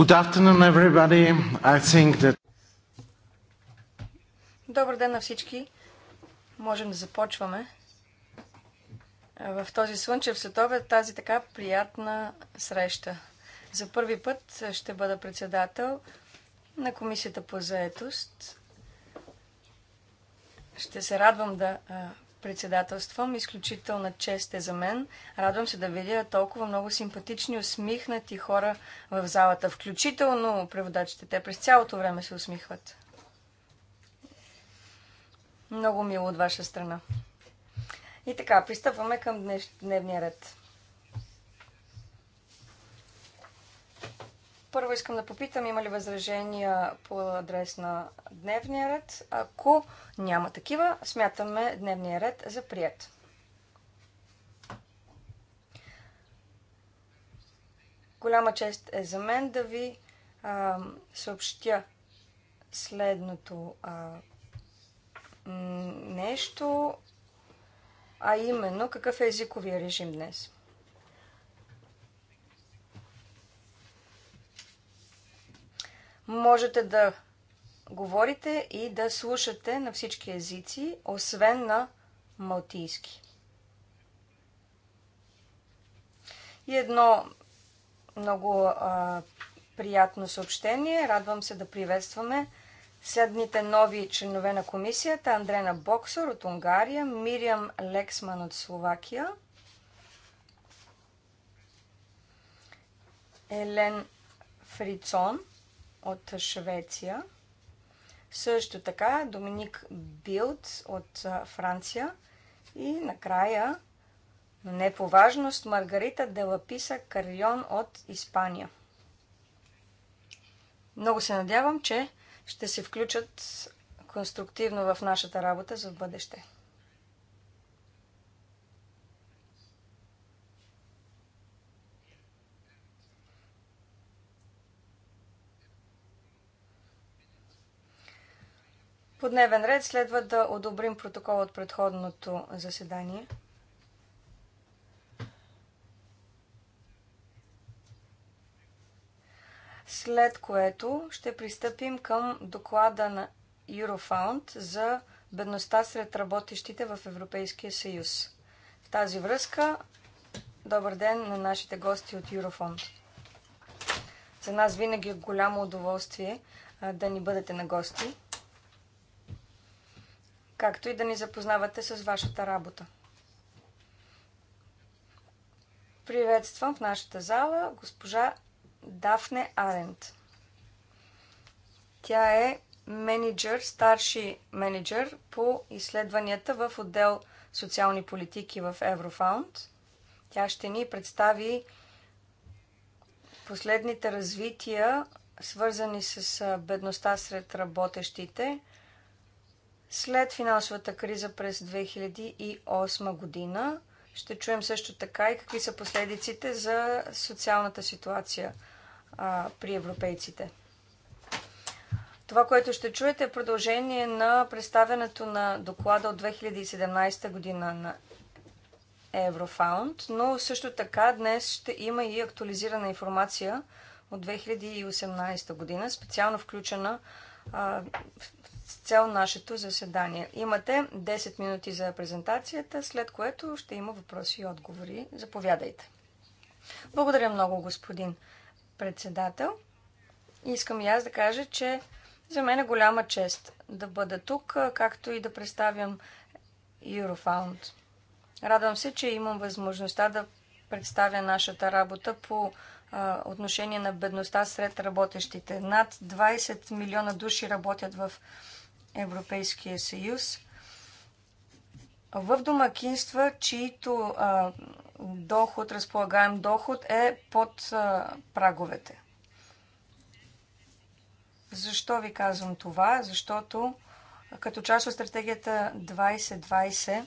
Good afternoon, everybody. I think that... Добър ден на всички. Можем да започваме. В този слънчев светове тази така приятна среща. За първи път ще бъда председател на Комисията по заетост. Ще се радвам да председателствам. Изключителна чест е за мен. Радвам се да видя толкова много симпатични, усмихнати хора в залата. Включително преводачите. Те през цялото време се усмихват. Много мило от ваша страна. И така, пристъпваме към днешния дневния ред. Първо искам да попитам, има ли възражения по адрес на дневния ред. Ако няма такива, смятаме дневния ред за прият. Голяма чест е за мен да ви а, съобщя следното а, нещо, а именно какъв е езиковия режим днес. можете да говорите и да слушате на всички езици, освен на малтийски. И едно много а, приятно съобщение. Радвам се да приветстваме седните нови членове на комисията. Андрена Боксор от Унгария, Мириам Лексман от Словакия, Елен Фрицон – от Швеция. Също така Доминик Билд от Франция. И накрая, но не по важност, Маргарита Делаписа Карион от Испания. Много се надявам, че ще се включат конструктивно в нашата работа за бъдеще. По дневен ред следва да одобрим протокол от предходното заседание. След което ще пристъпим към доклада на Eurofound за бедността сред работещите в Европейския съюз. В тази връзка, добър ден на нашите гости от Eurofound. За нас винаги е голямо удоволствие да ни бъдете на гости както и да ни запознавате с вашата работа. Приветствам в нашата зала госпожа Дафне Арент. Тя е менеджер, старши менеджер по изследванията в отдел социални политики в Еврофаунд. Тя ще ни представи последните развития, свързани с бедността сред работещите след финансовата криза през 2008 година ще чуем също така и какви са последиците за социалната ситуация а, при европейците. Това, което ще чуете е продължение на представянето на доклада от 2017 година на Еврофаунд, но също така днес ще има и актуализирана информация от 2018 година, специално включена а, с цел нашето заседание. Имате 10 минути за презентацията, след което ще има въпроси и отговори. Заповядайте. Благодаря много, господин председател. Искам и аз да кажа, че за мен е голяма чест да бъда тук, както и да представям Eurofound. Радвам се, че имам възможността да представя нашата работа по а, отношение на бедността сред работещите. Над 20 милиона души работят в Европейския съюз в домакинства, чието а, доход, разполагаем доход е под а, праговете. Защо ви казвам това? Защото като част от стратегията 2020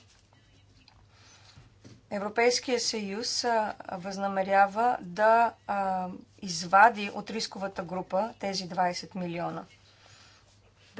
Европейския съюз а, възнамерява да а, извади от рисковата група тези 20 милиона –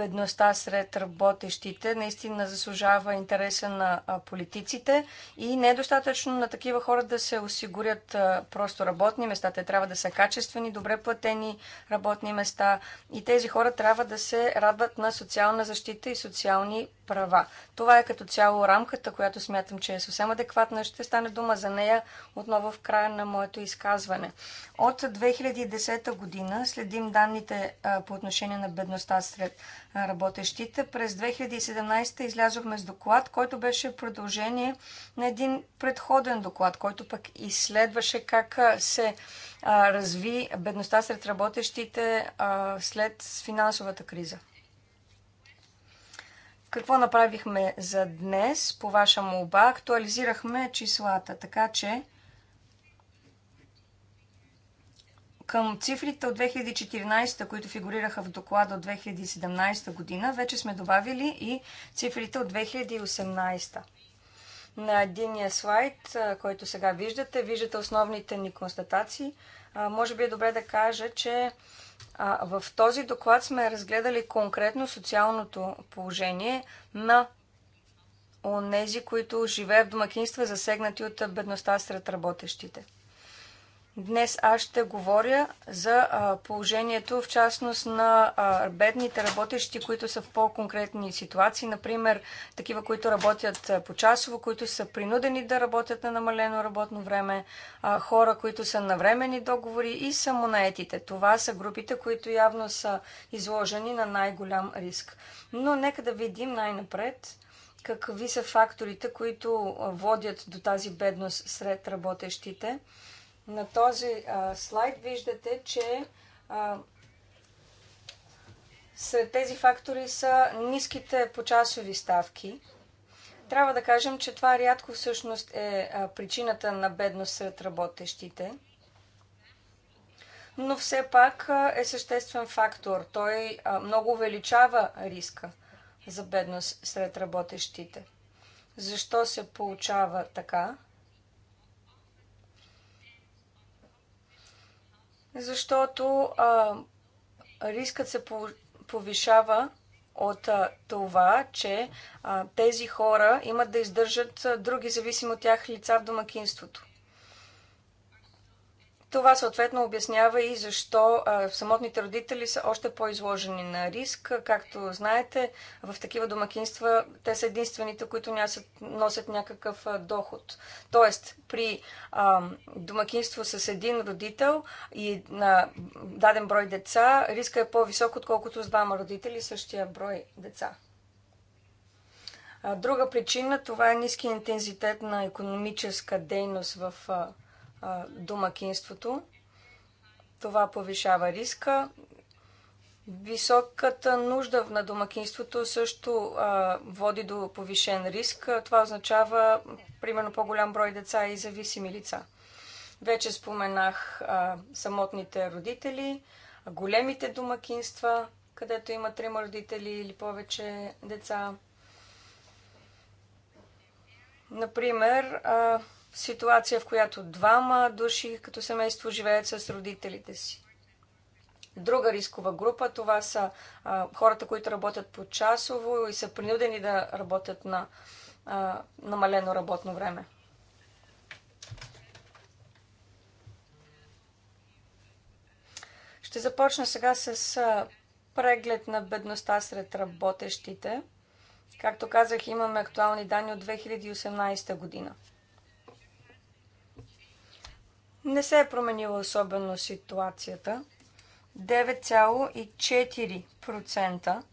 бедността сред работещите наистина заслужава интереса на политиците и не е достатъчно на такива хора да се осигурят просто работни места. Те трябва да са качествени, добре платени работни места и тези хора трябва да се радват на социална защита и социални права. Това е като цяло рамката, която смятам, че е съвсем адекватна. Ще стане дума за нея отново в края на моето изказване. От 2010 година следим данните по отношение на бедността сред работещите. През 2017 излязохме с доклад, който беше продължение на един предходен доклад, който пък изследваше как се а, разви бедността сред работещите а, след финансовата криза. Какво направихме за днес? По ваша молба актуализирахме числата, така че Към цифрите от 2014, които фигурираха в доклада от 2017 година, вече сме добавили и цифрите от 2018. На единия слайд, който сега виждате, виждате основните ни констатации. Може би е добре да кажа, че в този доклад сме разгледали конкретно социалното положение на онези, които живеят в домакинства, засегнати от бедността сред работещите. Днес аз ще говоря за положението, в частност на бедните работещи, които са в по-конкретни ситуации, например такива, които работят по-часово, които са принудени да работят на намалено работно време, хора, които са на времени договори и самонаетите. Това са групите, които явно са изложени на най-голям риск. Но нека да видим най-напред какви са факторите, които водят до тази бедност сред работещите – на този а, слайд виждате, че а, сред тези фактори са ниските почасови ставки. Трябва да кажем, че това рядко всъщност е а, причината на бедност сред работещите но все пак е съществен фактор. Той много увеличава риска за бедност сред работещите. Защо се получава така? защото а, рискът се повишава от а, това, че а, тези хора имат да издържат а, други зависимо от тях лица в домакинството. Това съответно обяснява и защо самотните родители са още по-изложени на риск. Както знаете, в такива домакинства те са единствените, които носят, носят някакъв доход. Тоест, при а, домакинство с един родител и на даден брой деца, риска е по-висок, отколкото с двама родители същия брой деца. Друга причина това е ниски интензитет на економическа дейност в домакинството. Това повишава риска. Високата нужда на домакинството също а, води до повишен риск. Това означава, примерно, по-голям брой деца и зависими лица. Вече споменах а, самотните родители, големите домакинства, където има трима родители или повече деца. Например, а, ситуация, в която двама души като семейство живеят с родителите си. Друга рискова група това са а, хората, които работят по часово и са принудени да работят на а, намалено работно време. Ще започна сега с а, преглед на бедността сред работещите. Както казах, имаме актуални данни от 2018 година. Не се е променила особено ситуацията. 9,4%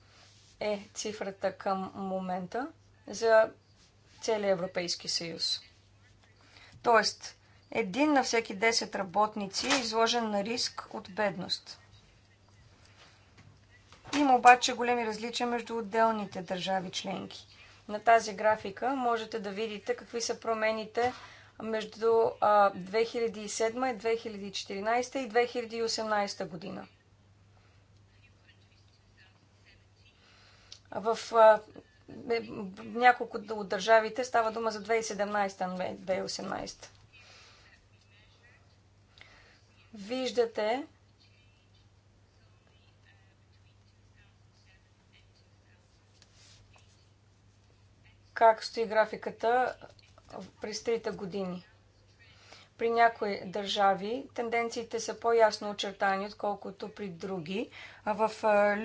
е цифрата към момента за целия Европейски съюз. Тоест, един на всеки 10 работници е изложен на риск от бедност. Има обаче големи различия между отделните държави членки. На тази графика можете да видите какви са промените между 2007, и 2014 и 2018 година. В е, няколко от държавите става дума за 2017-2018. Виждате, как стои графиката през трите години. При някои държави тенденциите са по-ясно очертани, отколкото при други. В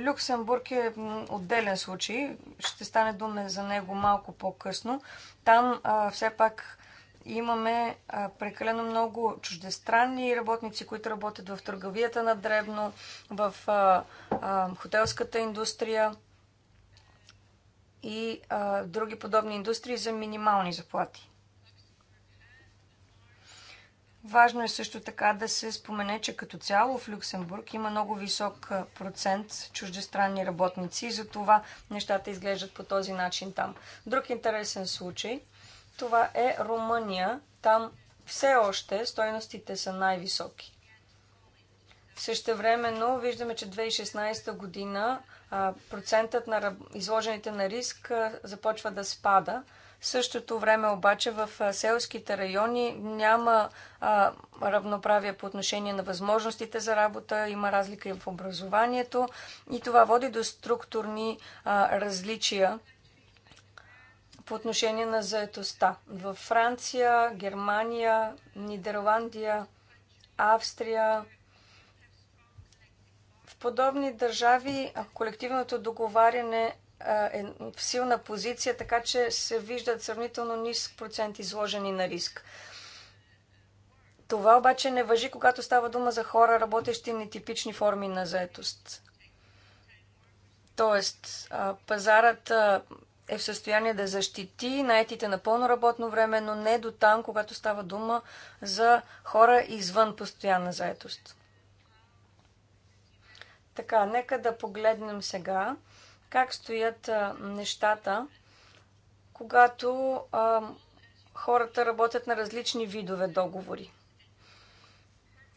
Люксембург е отделен случай. Ще стане дума за него малко по-късно. Там а, все пак имаме а, прекалено много чуждестранни работници, които работят в търговията на дребно, в а, а, хотелската индустрия и а, други подобни индустрии за минимални заплати. Важно е също така да се спомене, че като цяло в Люксембург има много висок процент чуждестранни работници и затова нещата изглеждат по този начин там. Друг интересен случай, това е Румъния. Там все още стойностите са най-високи. Същевременно виждаме, че 2016 година процентът на изложените на риск започва да спада – в същото време обаче в селските райони няма а, равноправие по отношение на възможностите за работа, има разлика и в образованието и това води до структурни а, различия по отношение на заетостта. В Франция, Германия, Нидерландия, Австрия, в подобни държави колективното договаряне е в силна позиция, така че се виждат сравнително нисък процент изложени на риск. Това обаче не въжи, когато става дума за хора, работещи нетипични форми на заетост. Тоест, пазарът е в състояние да защити наетите на пълно работно време, но не до там, когато става дума за хора извън постоянна заетост. Така, нека да погледнем сега как стоят нещата, когато хората работят на различни видове договори.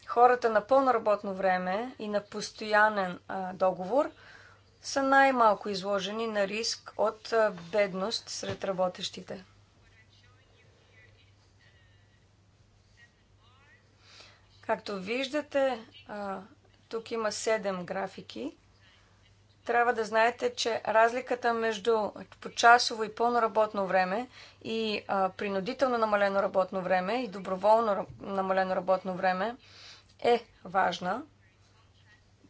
Хората на пълно работно време и на постоянен договор са най-малко изложени на риск от бедност сред работещите. Както виждате, тук има 7 графики трябва да знаете, че разликата между почасово и пълно работно време и а, принудително намалено работно време и доброволно намалено работно време е важна.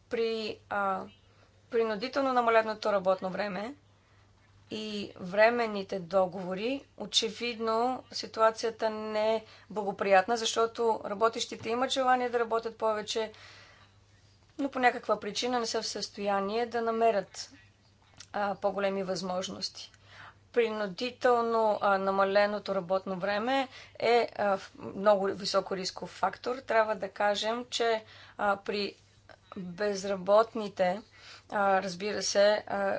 При а, принудително намаленото работно време и временните договори, очевидно ситуацията не е благоприятна, защото работещите имат желание да работят повече, но по някаква причина не са в състояние да намерят по-големи възможности. Принудително а, намаленото работно време е а, много високо рисков фактор. Трябва да кажем, че а, при безработните, а, разбира се, а,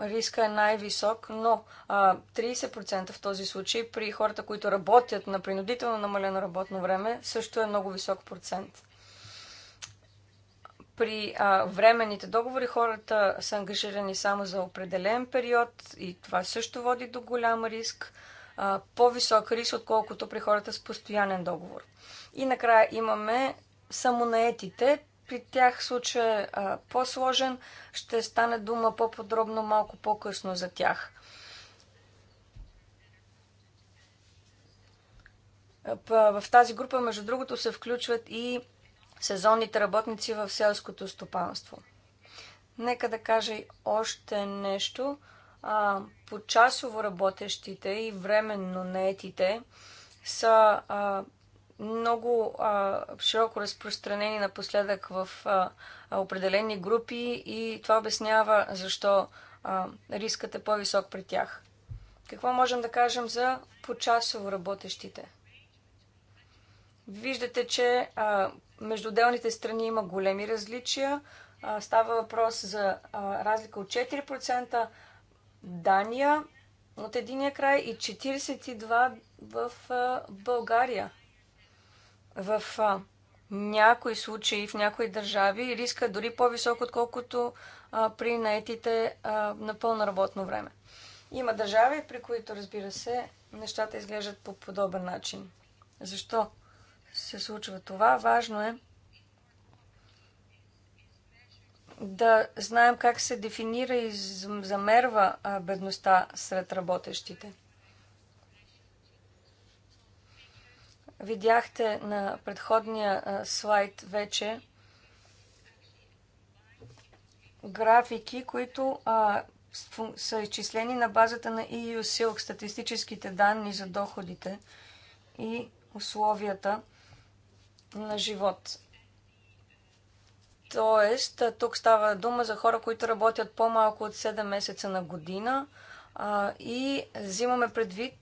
риска е най-висок, но а, 30% в този случай при хората, които работят на принудително намалено работно време, също е много висок процент. При а, временните договори хората са ангажирани само за определен период и това също води до голям риск, по-висок риск, отколкото при хората с постоянен договор. И накрая имаме самонаетите. При тях случай е по-сложен. Ще стане дума по-подробно малко по-късно за тях. В тази група, между другото, се включват и сезонните работници в селското стопанство. Нека да кажа и още нещо. А, почасово работещите и временно наетите са а, много а, широко разпространени напоследък в а, определени групи и това обяснява защо а, рискът е по-висок при тях. Какво можем да кажем за почасово работещите? Виждате, че а, между отделните страни има големи различия. А, става въпрос за а, разлика от 4% Дания от единия край и 42% в а, България. В а, някои случаи, в някои държави риска е дори по-висок, отколкото а, при наетите а, на пълно работно време. Има държави, при които, разбира се, нещата изглеждат по подобен начин. Защо? се случва това. Важно е да знаем как се дефинира и замерва бедността сред работещите. Видяхте на предходния слайд вече графики, които а, са изчислени на базата на EU Silk, статистическите данни за доходите и условията – на живот. Тоест, тук става дума за хора, които работят по-малко от 7 месеца на година а, и взимаме предвид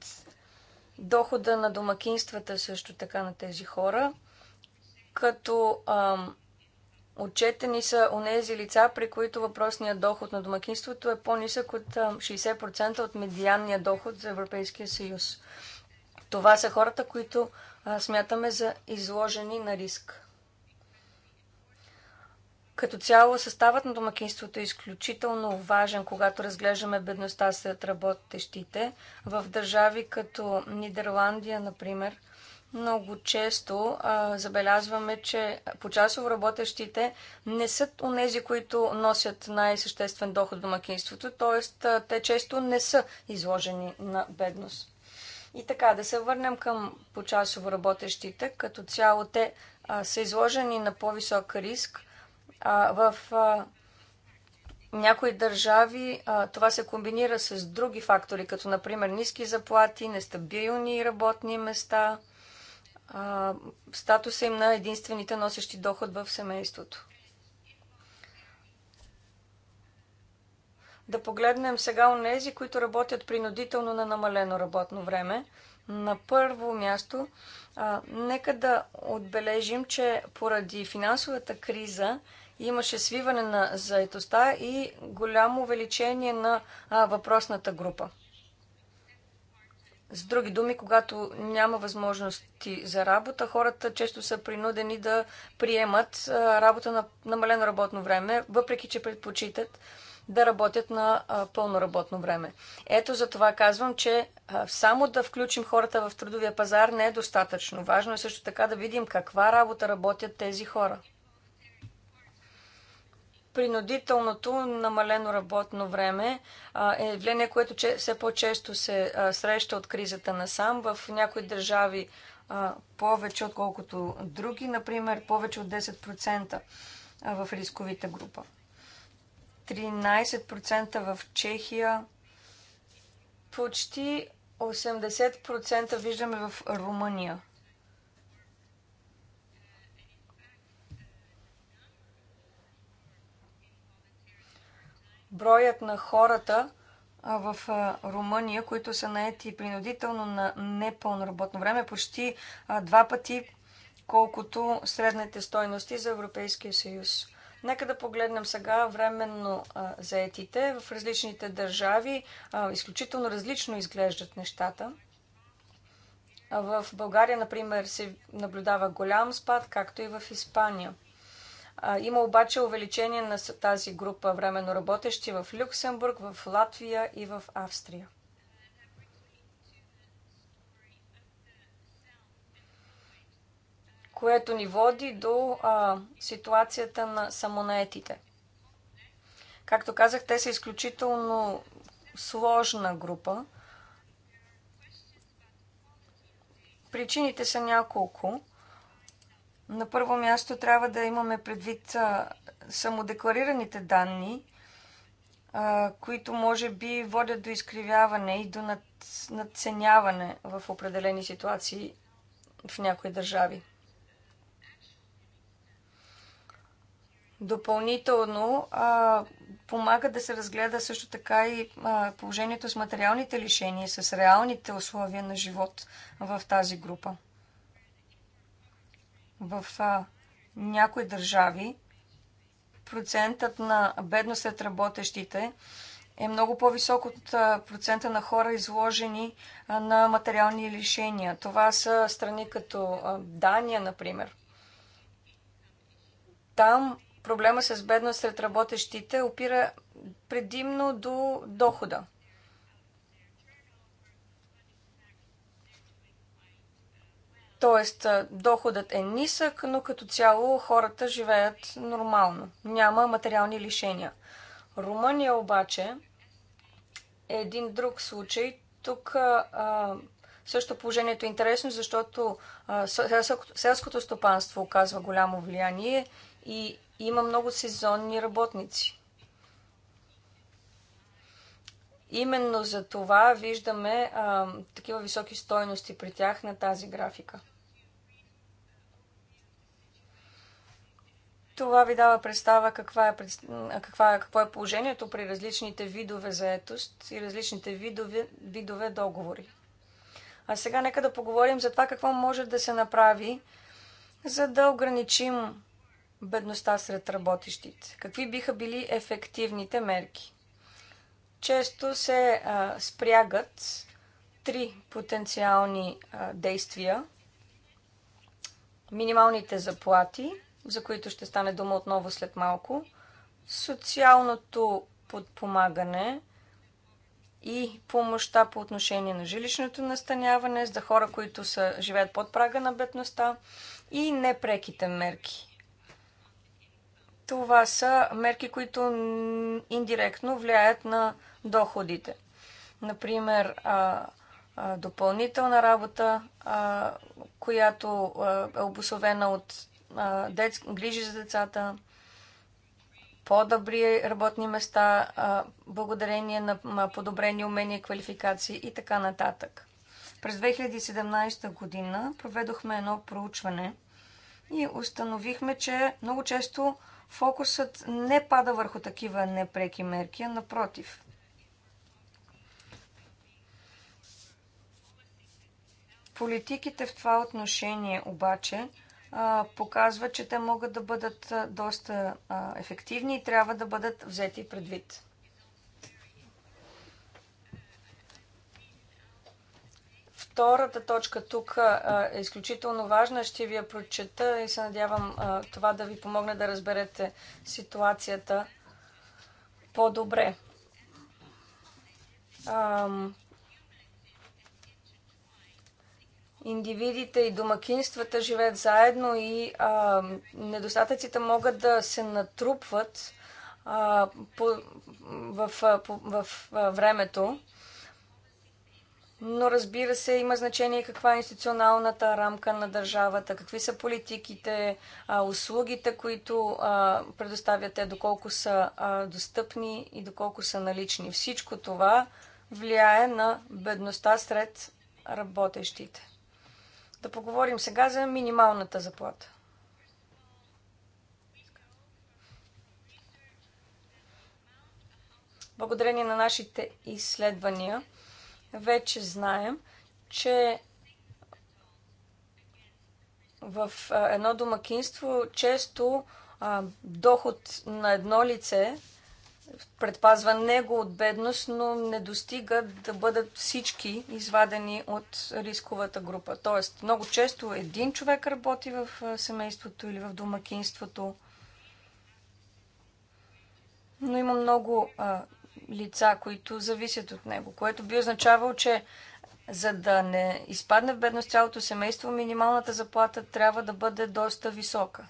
дохода на домакинствата също така на тези хора, като а, отчетени са онези лица, при които въпросният доход на домакинството е по-нисък от 60% от медианния доход за Европейския съюз. Това са хората, които смятаме за изложени на риск. Като цяло съставът на домакинството е изключително важен, когато разглеждаме бедността сред работещите. В държави като Нидерландия, например, много често а, забелязваме, че почасово работещите не са онези, които носят най-съществен доход в домакинството, т.е. те често не са изложени на бедност. И така, да се върнем към почасово работещите. Като цяло те а, са изложени на по-висок риск. А, в а, някои държави а, това се комбинира с други фактори, като например ниски заплати, нестабилни работни места, а, статуса им на единствените носещи доход в семейството. да погледнем сега у нези, които работят принудително на намалено работно време. На първо място, а, нека да отбележим, че поради финансовата криза имаше свиване на заетостта и голямо увеличение на а, въпросната група. С други думи, когато няма възможности за работа, хората често са принудени да приемат работа на намалено работно време, въпреки че предпочитат да работят на пълно работно време. Ето за това казвам, че само да включим хората в трудовия пазар не е достатъчно. Важно е също така да видим каква работа работят тези хора. Принудителното намалено работно време е явление, което все по-често се среща от кризата насам. В някои държави повече, отколкото други, например, повече от 10% в рисковите група. 13% в Чехия, почти 80% виждаме в Румъния. Броят на хората в Румъния, които са наети принудително на непълно работно време, почти два пъти колкото средните стойности за Европейския съюз. Нека да погледнем сега временно а, заетите. В различните държави а, изключително различно изглеждат нещата. В България, например, се наблюдава голям спад, както и в Испания. Има обаче увеличение на тази група временно работещи в Люксембург, в Латвия и в Австрия. което ни води до а, ситуацията на самонаетите. Както казах, те са изключително сложна група. Причините са няколко. На първо място трябва да имаме предвид а, самодекларираните данни, а, които може би водят до изкривяване и до над, надценяване в определени ситуации в някои държави. Допълнително а, помага да се разгледа също така и а, положението с материалните лишения, с реалните условия на живот в тази група. В а, някои държави процентът на бедност сред работещите е много по-висок от процента на хора изложени на материални лишения. Това са страни като Дания, например. Там проблема с бедност сред работещите опира предимно до дохода. Тоест, доходът е нисък, но като цяло хората живеят нормално. Няма материални лишения. Румъния обаче е един друг случай. Тук а, също положението е интересно, защото а, селското стопанство оказва голямо влияние и има много сезонни работници. Именно за това виждаме а, такива високи стойности при тях на тази графика. Това ви дава представа каква е, каква е, какво е положението при различните видове заетост и различните видове, видове договори. А сега нека да поговорим за това какво може да се направи, за да ограничим бедността сред работещите? Какви биха били ефективните мерки? Често се а, спрягат три потенциални а, действия. Минималните заплати, за които ще стане дума отново след малко, социалното подпомагане и помощта по отношение на жилищното настаняване за хора, които са, живеят под прага на бедността и непреките мерки – това са мерки, които индиректно влияят на доходите. Например, допълнителна работа, която е обусловена от грижи за децата, по-добри работни места, благодарение на подобрени умения квалификации и така нататък. През 2017 година проведохме едно проучване и установихме, че много често фокусът не пада върху такива непреки мерки, а напротив. Политиките в това отношение обаче показват, че те могат да бъдат доста ефективни и трябва да бъдат взети предвид. Втората точка тук е изключително важна. Ще ви я прочета и се надявам това да ви помогне да разберете ситуацията по-добре. Индивидите и домакинствата живеят заедно и а, недостатъците могат да се натрупват а, по, в, по, в, в времето но разбира се, има значение каква е институционалната рамка на държавата, какви са политиките, услугите, които предоставят те, доколко са достъпни и доколко са налични. Всичко това влияе на бедността сред работещите. Да поговорим сега за минималната заплата. Благодарение на нашите изследвания, вече знаем, че в едно домакинство често а, доход на едно лице предпазва него от бедност, но не достига да бъдат всички извадени от рисковата група. Тоест, много често един човек работи в семейството или в домакинството, но има много а, лица, които зависят от него, което би означавало, че за да не изпадне в бедност цялото семейство, минималната заплата трябва да бъде доста висока.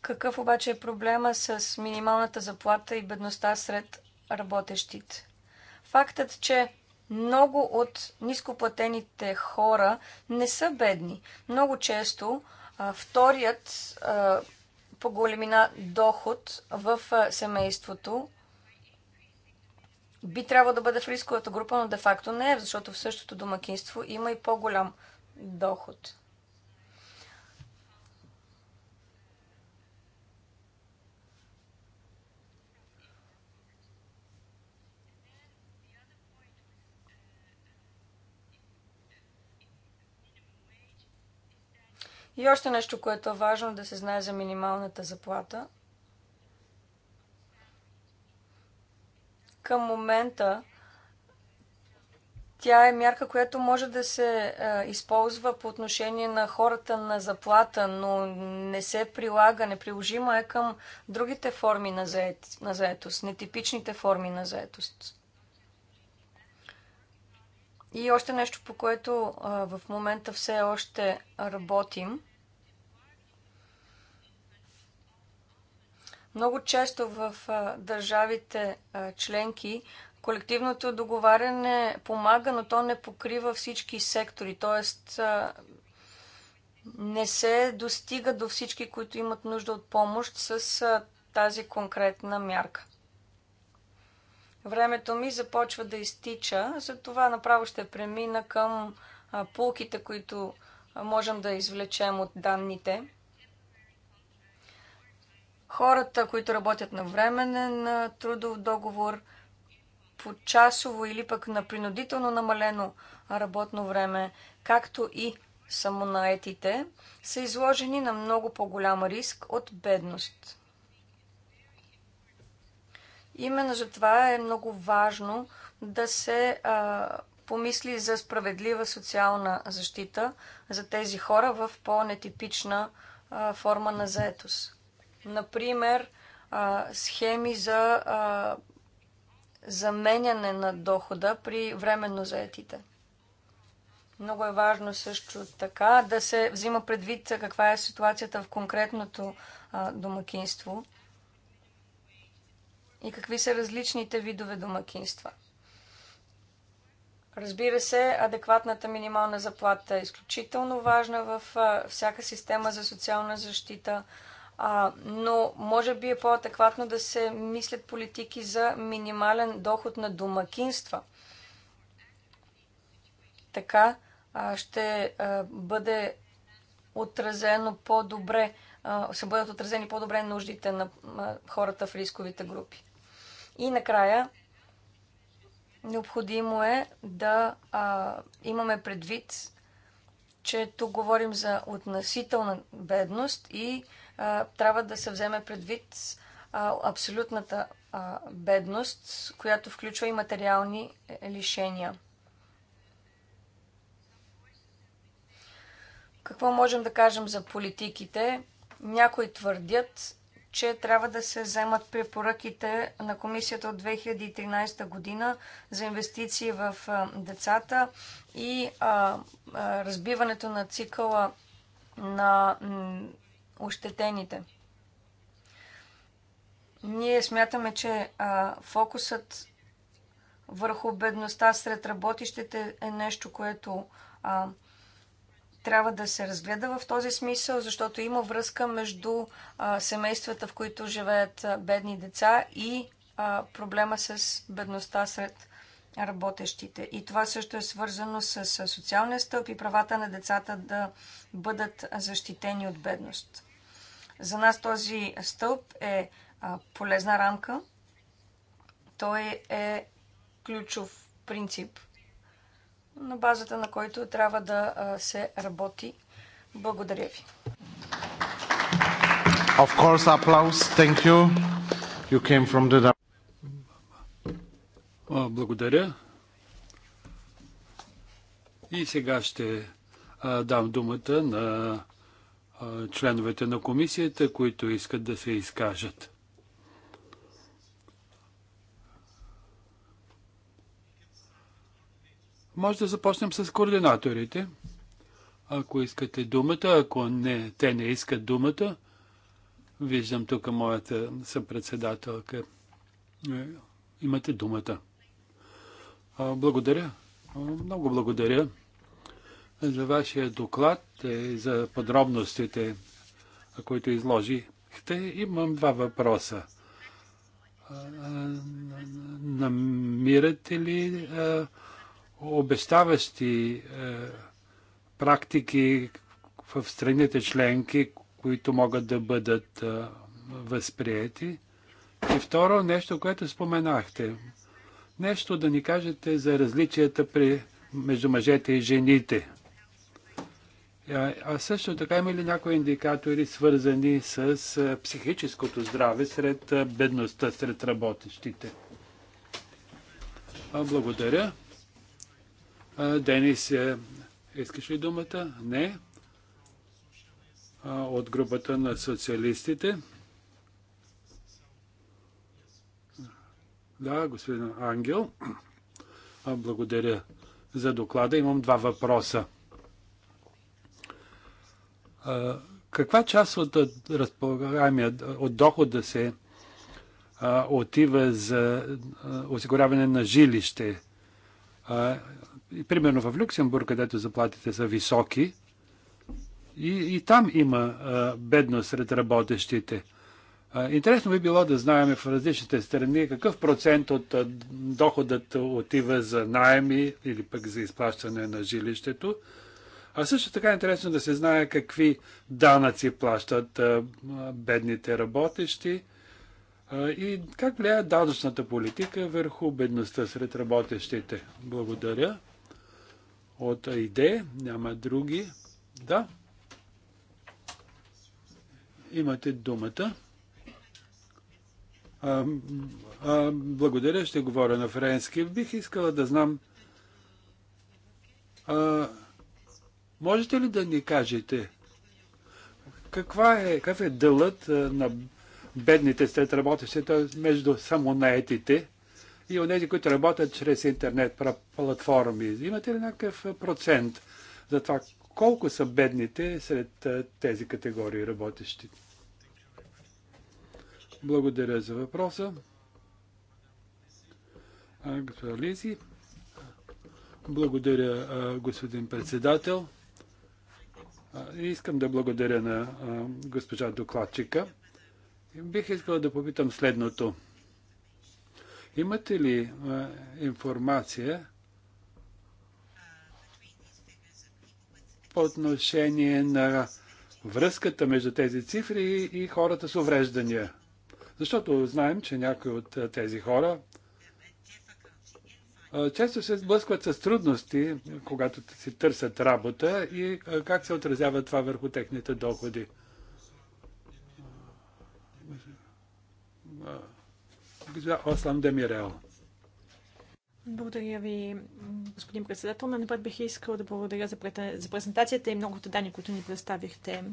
Какъв обаче е проблема с минималната заплата и бедността сред работещите? Фактът, че много от нископлатените хора не са бедни. Много често Вторият по големина доход в семейството би трябвало да бъде в рисковата група, но де-факто не е, защото в същото домакинство има и по-голям доход. И още нещо, което е важно да се знае за минималната заплата. Към момента тя е мярка, която може да се е, използва по отношение на хората на заплата, но не се прилага, неприложима е към другите форми на, заед, на заетост, нетипичните форми на заетост. И още нещо, по което е, в момента все още работим. Много често в държавите членки колективното договаряне помага, но то не покрива всички сектори, т.е. не се достига до всички, които имат нужда от помощ с тази конкретна мярка. Времето ми започва да изтича, затова направо ще премина към пулките, които можем да извлечем от данните хората, които работят на временен трудов договор, по часово или пък на принудително намалено работно време, както и самонаетите, са изложени на много по-голям риск от бедност. Именно за това е много важно да се а, помисли за справедлива социална защита за тези хора в по-нетипична форма на заетост. Например, схеми за заменяне на дохода при временно заетите. Много е важно също така да се взима предвид каква е ситуацията в конкретното домакинство и какви са различните видове домакинства. Разбира се, адекватната минимална заплата е изключително важна в всяка система за социална защита – а, но може би е по-адекватно да се мислят политики за минимален доход на домакинства. Така а, ще а, бъде отразено по-добре, ще бъдат отразени по-добре нуждите на хората в рисковите групи. И накрая, необходимо е да а, имаме предвид, че тук говорим за относителна бедност и трябва да се вземе предвид абсолютната бедност, която включва и материални е, лишения. Какво можем да кажем за политиките? Някои твърдят, че трябва да се вземат препоръките на комисията от 2013 година за инвестиции в децата и а, а, разбиването на цикъла на ощетените. Ние смятаме, че а, фокусът върху бедността сред работещите е нещо, което а, трябва да се разгледа в този смисъл, защото има връзка между а, семействата, в които живеят а, бедни деца и а, проблема с бедността сред работещите. И това също е свързано с, с социалния стълб и правата на децата да бъдат защитени от бедност. За нас този стълб е полезна рамка. Той е ключов принцип, на базата на който трябва да се работи. Благодаря ви. Of course, applause. Thank you. You came from the... Благодаря. И сега ще дам думата на членовете на комисията, които искат да се изкажат. Може да започнем с координаторите. Ако искате думата, ако не, те не искат думата, виждам тук моята съпредседателка. Е, имате думата. Благодаря. Много благодаря за вашия доклад и е, за подробностите, които изложихте. Имам два въпроса. Намирате ли обещаващи практики в страните членки, които могат да бъдат възприяти? И второ, нещо, което споменахте. Нещо да ни кажете за различията при, между мъжете и жените. А също така има ли някои индикатори, свързани с психическото здраве сред бедността, сред работещите? Благодаря. Денис, е, искаш ли думата? Не. От групата на социалистите. Да, господин Ангел. Благодаря за доклада. Имам два въпроса каква част от разполагаемия от дохода се а, отива за а, осигуряване на жилище? А, и, примерно в Люксембург, където заплатите са високи, и, и там има а, бедност сред работещите. А, интересно би било да знаем в различните страни какъв процент от а, доходът отива за найеми или пък за изплащане на жилището а също така е интересно да се знае какви данъци плащат бедните работещи и как влияе данъчната политика върху бедността сред работещите. Благодаря. От АИДЕ няма други. Да. Имате думата. А, а, благодаря, ще говоря на френски. Бих искала да знам. А, Можете ли да ни кажете каква е, какъв е дълът на бедните след работещите между самонаетите и онези, които работят чрез интернет платформи? Имате ли някакъв процент за това колко са бедните сред тези категории работещи? Благодаря за въпроса. Госпожа Лизи. Благодаря, господин председател. Искам да благодаря на госпожа докладчика. Бих искал да попитам следното. Имате ли информация по отношение на връзката между тези цифри и хората с увреждания? Защото знаем, че някои от тези хора често се сблъскват с трудности, когато си търсят работа и как се отразява това върху техните доходи. Госпожа Ослам Демирел. Благодаря ви, господин председател. Напред бих искал да благодаря за презентацията и многото данни, които ни представихте.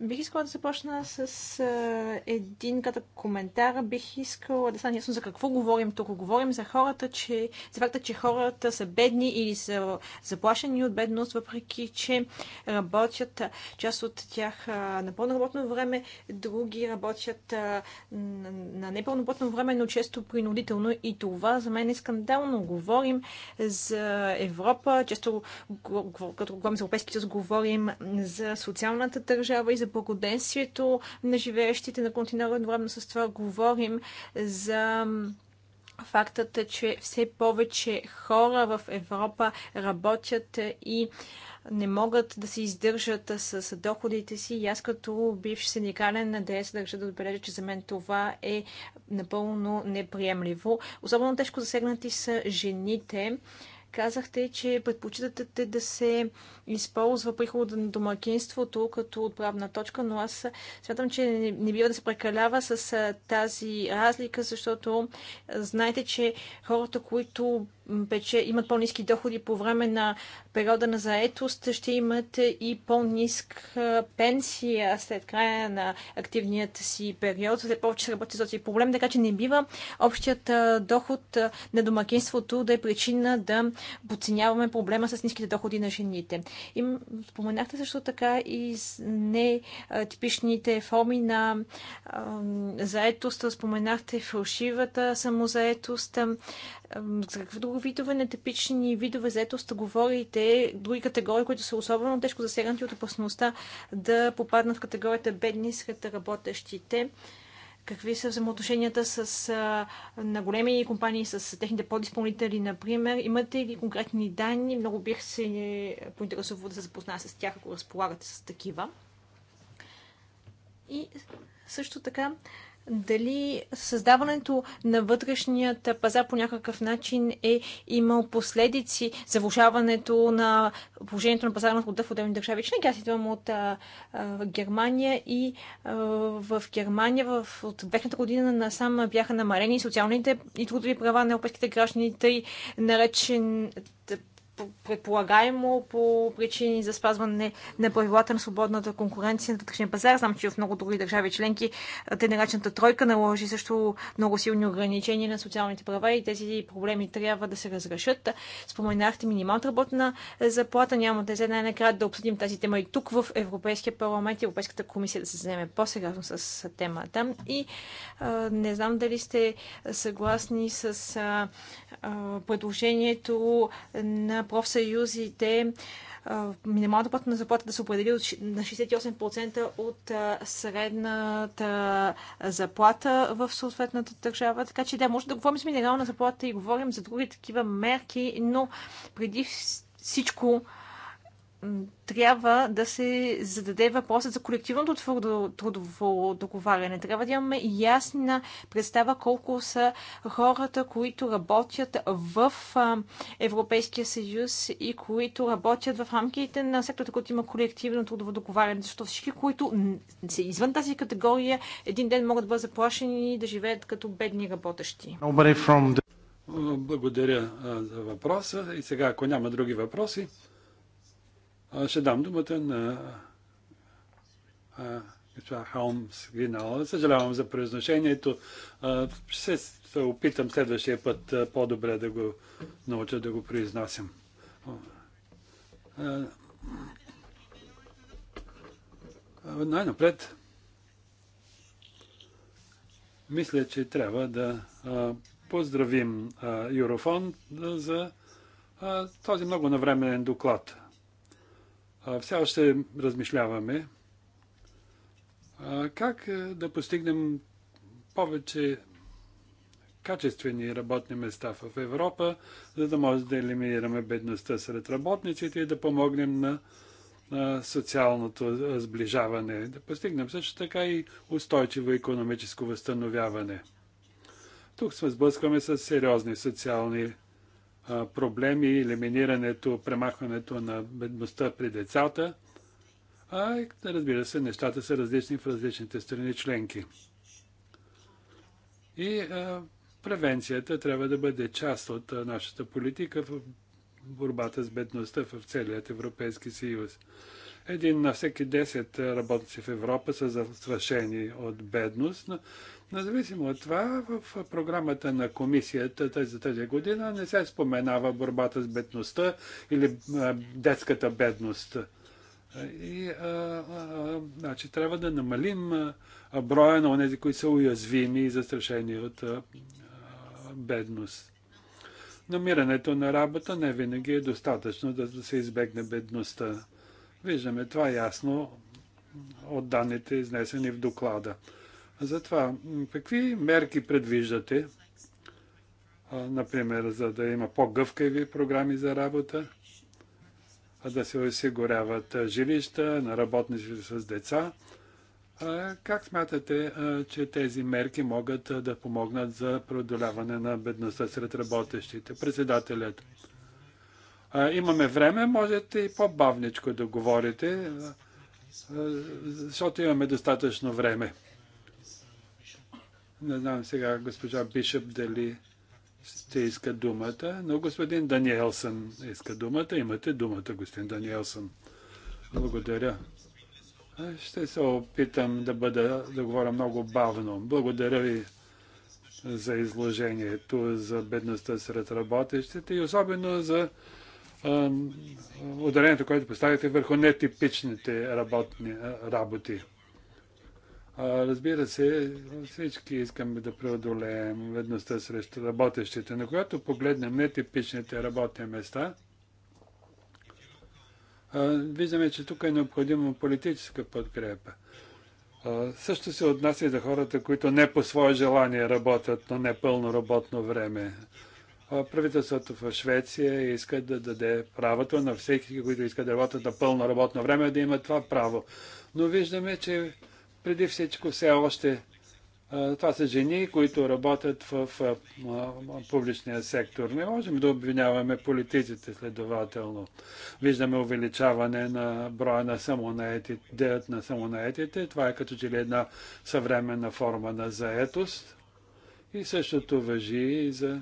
Бих искала да започна с а, един като коментар. Бих искала да стане ясно за какво говорим тук. Говорим за хората, че, за факта, че хората са бедни или са заплашени от бедност, въпреки че работят част от тях а, на пълно работно време, други работят а, на, на непълно работно време, но често принудително. И това за мен е скандално. Говорим за Европа, често като говорим за Европейския съюз, говорим за социалната държава и за благоденствието на живеещите на континента. Едновременно с това говорим за фактът, че все повече хора в Европа работят и не могат да се издържат с доходите си. И аз като бивш синикален на ДС държа да отбележа, че за мен това е напълно неприемливо. Особено тежко засегнати са жените. Казахте, че предпочитате да се използва прихода на домакинството като отправна точка, но аз смятам, че не, бива да се прекалява с тази разлика, защото знаете, че хората, които пече, имат по-низки доходи по време на периода на заетост, ще имат и по низк пенсия след края на активният си период. Все повече работи за този проблем, така че не бива общият доход на домакинството да е причина да подценяваме проблема с ниските доходи на жените. И споменахте също така и нетипичните форми на заетост, споменахте фалшивата самозаетост. За какво друго видове нетипични видове заетост говорите, други категории, които са особено тежко засегнати от опасността да попаднат в категорията бедни сред работещите. Какви са взаимоотношенията с, на големи компании, с техните подиспълнители, например? Имате ли конкретни данни? Много бих се поинтересувал да се запозная с тях, ако разполагате с такива. И също така, дали създаването на вътрешният пазар по някакъв начин е имал последици за влушаването на положението на пазара на труда в отделни държави. Членки аз идвам от а, а, Германия и а, в Германия в, от 2000 година насам бяха намалени социалните и трудови права на европейските граждани, тъй наречен предполагаемо по причини за спазване на правилата на свободната конкуренция на вътрешния пазар. Знам, че в много други държави членки те наречената тройка наложи също много силни ограничения на социалните права и тези проблеми трябва да се разрешат. Споменахте минималната работна заплата. Няма да се най-накрая да обсъдим тази тема и тук в Европейския парламент и Европейската комисия да се вземе по-сериозно с темата. И а, не знам дали сте съгласни с а, а, предложението на профсъюзите минималната платна заплата да се определи на 68% от средната заплата в съответната държава. Така че да, може да говорим с минимална заплата и говорим за други такива мерки, но преди всичко трябва да се зададе въпросът за колективното твърдо, трудово договаряне. Трябва да имаме ясна представа колко са хората, които работят в Европейския съюз и които работят в рамките на секторите, които има колективно трудово договаряне. Защото всички, които са извън тази категория, един ден могат да бъдат заплашени и да живеят като бедни работещи. Благодаря за въпроса. И сега, ако няма други въпроси, ще дам думата на това Холмс Гринал. Съжалявам за произношението. Ще се опитам следващия път по-добре да го науча да го произнасям. Най-напред, мисля, че трябва да поздравим Юрофон за този много навременен доклад все още размишляваме как е, да постигнем повече качествени работни места в Европа, за да може да елиминираме бедността сред работниците и да помогнем на, на социалното сближаване, да постигнем също така и устойчиво економическо възстановяване. Тук сме сблъскваме с сериозни социални проблеми, елиминирането, премахването на бедността при децата. А, разбира се, нещата са различни в различните страни членки. И а, превенцията трябва да бъде част от а, нашата политика в борбата с бедността в целият Европейски съюз. Един на всеки 10 работници в Европа са застрашени от бедност, но Независимо от това, в програмата на комисията за тази година не се споменава борбата с бедността или детската бедност. И, а, а, значи, трябва да намалим броя на тези, които са уязвими и застрашени от а, бедност. Намирането на работа не винаги е достатъчно да, да се избегне бедността. Виждаме това ясно от данните, изнесени в доклада. Затова, какви мерки предвиждате, например, за да има по-гъвкави програми за работа, да се осигуряват жилища на работници с деца? Как смятате, че тези мерки могат да помогнат за преодоляване на бедността сред работещите? Председателят. Имаме време, можете и по-бавничко да говорите, защото имаме достатъчно време. Не знам сега госпожа Бишеп дали ще иска думата, но господин Даниелсън иска думата. Имате думата, господин Даниелсън. Благодаря. Ще се опитам да бъда, да говоря много бавно. Благодаря ви за изложението, за бедността сред работещите и особено за ударението, което поставите върху нетипичните работни, работи. Разбира се, всички искаме да преодолеем ведността срещу работещите, но когато погледнем нетипичните работни места, виждаме, че тук е необходима политическа подкрепа. Също се отнася и за хората, които не по свое желание работят, но не пълно работно време. Правителството в Швеция иска да даде правото на всеки, които искат да работят на пълно работно време, да имат това право. Но виждаме, че преди всичко все още това са жени, които работят в публичния сектор. Не можем да обвиняваме политиците следователно. Виждаме увеличаване на броя на самонаетите, делът на самонаетите. Това е като че ли една съвременна форма на заетост. И същото въжи и за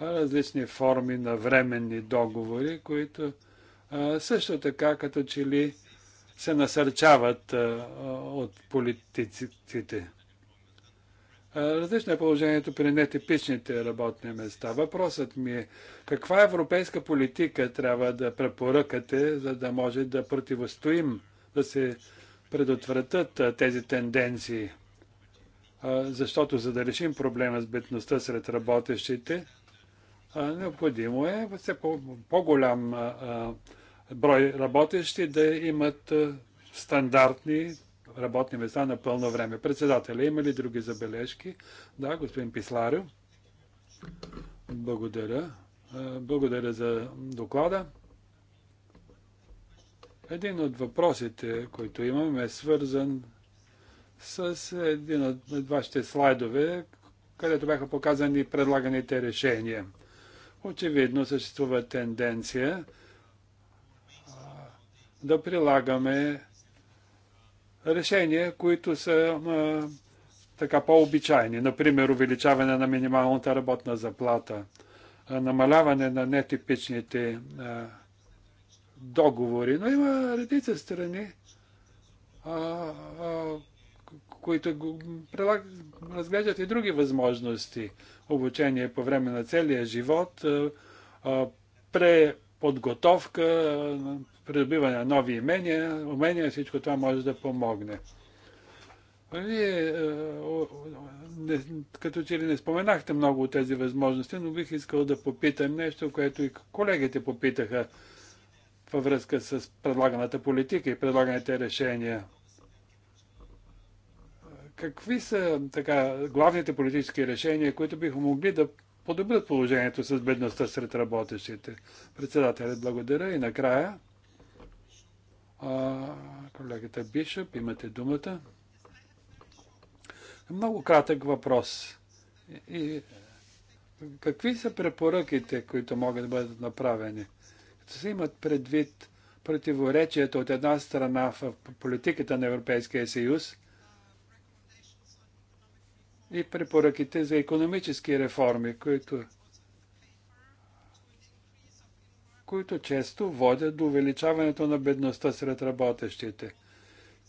различни форми на временни договори, които също така като че ли се насърчават от политиците. Различно е положението при нетипичните работни места. Въпросът ми е каква европейска политика трябва да препоръкате, за да може да противостоим, да се предотвратят тези тенденции? Защото за да решим проблема с бедността сред работещите, необходимо е все по-голям по- голям брой работещи да имат стандартни работни места на пълно време. Председателя, има ли други забележки? Да, господин Писларю. Благодаря. Благодаря за доклада. Един от въпросите, които имам, е свързан с един от вашите слайдове, където бяха показани предлаганите решения. Очевидно съществува тенденция да прилагаме решения, които са а, така по-обичайни. Например, увеличаване на минималната работна заплата, а, намаляване на нетипичните а, договори. Но има редица страни, а, а, които прилаг... разглеждат и други възможности. Обучение по време на целия живот, а, а, преподготовка, придобиване на нови имения, умения, всичко това може да помогне. Вие е, не, като че ли не споменахте много от тези възможности, но бих искал да попитам нещо, което и колегите попитаха във връзка с предлаганата политика и предлаганите решения. Какви са така, главните политически решения, които биха могли да подобрят положението с бедността сред работещите? Председателят, благодаря и накрая. Колегата Бишоп, имате думата. Много кратък въпрос. И какви са препоръките, които могат да бъдат направени? Като се имат предвид противоречието от една страна в политиката на Европейския съюз и препоръките за економически реформи, които които често водят до увеличаването на бедността сред работещите.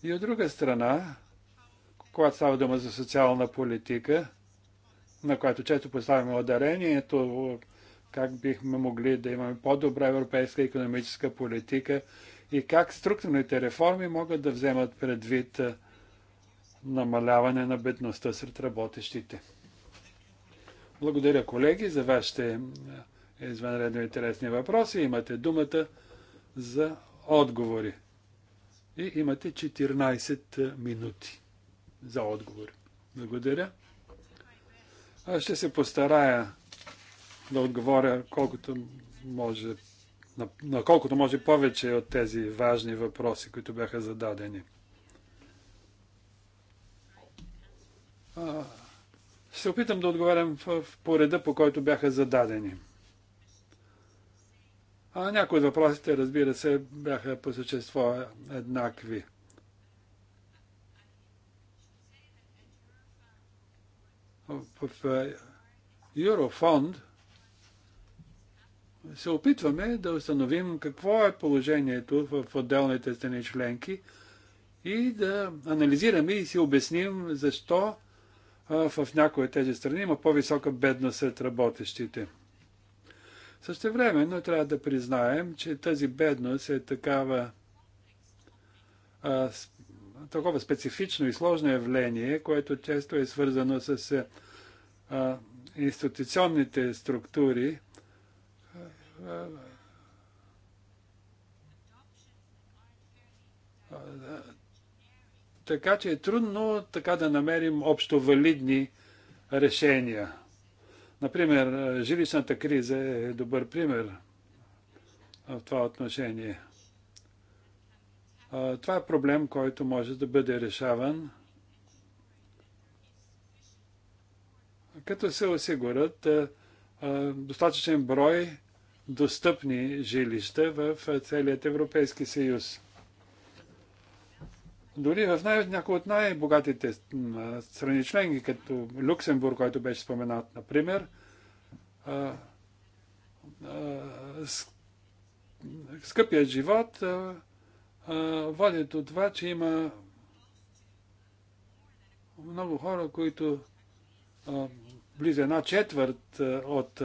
И от друга страна, когато става дума за социална политика, на която често поставяме ударението, как бихме могли да имаме по-добра европейска економическа политика и как структурните реформи могат да вземат предвид намаляване на бедността сред работещите. Благодаря, колеги, за вашите извънредно интересни въпроси. Имате думата за отговори. И имате 14 минути за отговори. Благодаря. Аз ще се постарая да отговоря колкото може, на, на колкото може повече от тези важни въпроси, които бяха зададени. А, ще се опитам да отговарям в, в пореда, по който бяха зададени. А някои от въпросите, разбира се, бяха по същество еднакви. В Юрофонд е, се опитваме да установим какво е положението в отделните страни членки и да анализираме и си обясним защо в някои от тези страни има по-висока бедност сред работещите. Също време, но трябва да признаем, че тази бедност е такава а, такова специфично и сложно явление, което често е свързано с а, институционните структури, така че е трудно така да намерим общо валидни решения. Например, е, жилищната криза е добър пример в това отношение. Това е проблем, който може да бъде решаван, като се осигурят е, е, достатъчен брой достъпни жилища в целият Европейски съюз. Дори в най- някои от най-богатите страни членки, като Люксембург, който беше споменат, например, скъпият живот води до това, че има много хора, които близо една четвърт от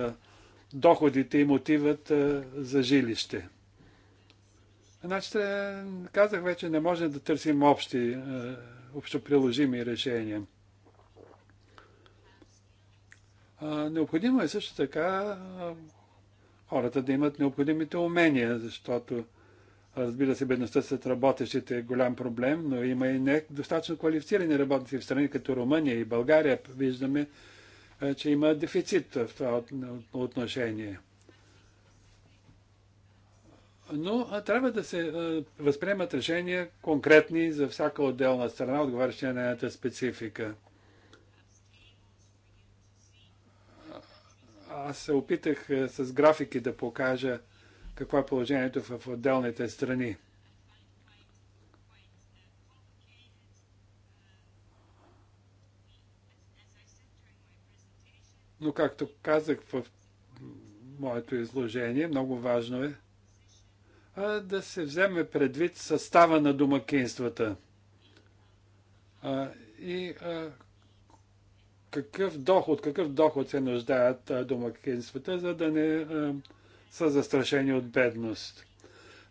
доходите им отиват за жилище. Значи, е, казах вече, не може да търсим общи, е, общо приложими решения. Необходимо е също така е, хората да имат необходимите умения, защото разбира се, бедността сред работещите е голям проблем, но има и не достатъчно квалифицирани работници в страни като Румъния и България. Виждаме, че има дефицит в това отношение. Но трябва да се а, възприемат решения конкретни за всяка отделна страна, отговарящи на нейната специфика. Аз се опитах а, с графики да покажа какво е положението в отделните страни. Но както казах в моето изложение, много важно е да се вземе предвид състава на домакинствата и какъв доход, какъв доход се нуждаят домакинствата, за да не са застрашени от бедност.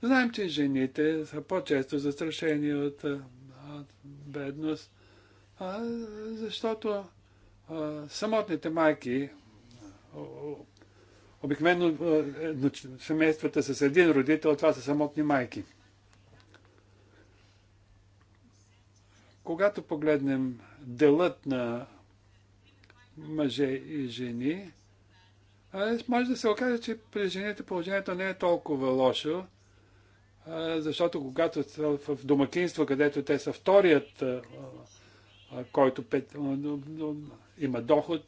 Знаем, че жените са по-често застрашени от, от бедност, защото самотните майки Обикновено е, семействата с един родител, това са самотни майки. Когато погледнем делът на мъже и жени, може да се окаже, че при жените положението не е толкова лошо, защото когато са в домакинство, където те са вторият, който има доход,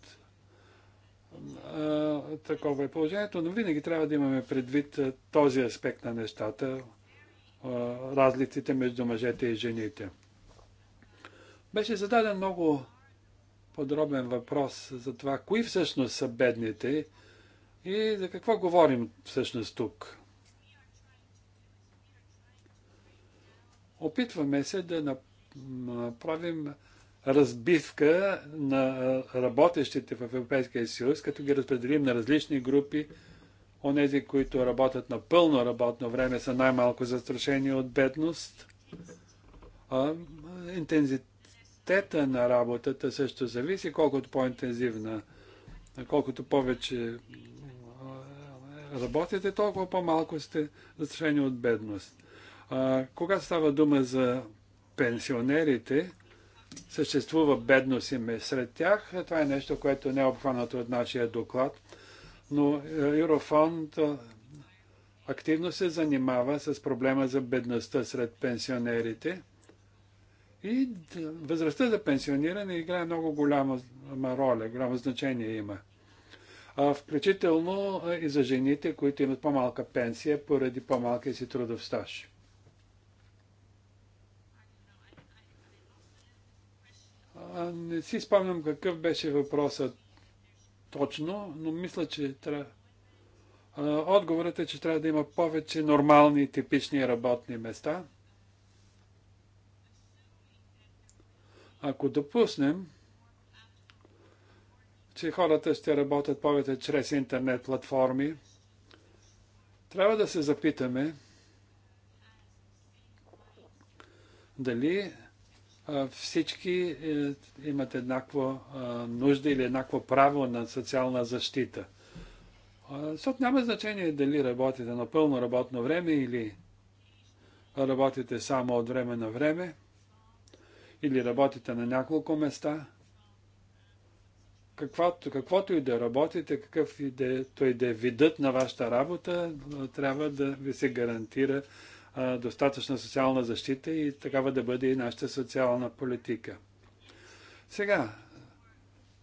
такова е положението, но винаги трябва да имаме предвид този аспект на нещата, разлиците между мъжете и жените. Беше зададен много подробен въпрос за това, кои всъщност са бедните и за какво говорим всъщност тук. Опитваме се да направим разбивка на работещите в Европейския съюз, като ги разпределим на различни групи. Онези, които работят на пълно работно време, са най-малко застрашени от бедност. А, интензитета на работата също зависи, колкото по-интензивна, колкото повече работите, толкова по-малко сте застрашени от бедност. А, кога става дума за пенсионерите, съществува бедност и сред тях. Това е нещо, което не е обхванато от нашия доклад, но е, Юрофонд активно се занимава с проблема за бедността сред пенсионерите. И възрастта за пенсиониране играе много голяма роля, голямо значение има. Включително и за жените, които имат по-малка пенсия поради по-малкия си трудов стаж. не си спомням какъв беше въпросът точно, но мисля, че трябва. Отговорът е, че трябва да има повече нормални типични работни места. Ако допуснем, че хората ще работят повече чрез интернет платформи, трябва да се запитаме дали всички е, имат еднаква нужда или еднакво право на социална защита. Защото няма значение дали работите на пълно работно време или работите само от време на време, или работите на няколко места. Каквото, каквото и да работите, какъв и да, е, той да е видът на вашата работа, трябва да ви се гарантира достатъчна социална защита и такава да бъде и нашата социална политика. Сега,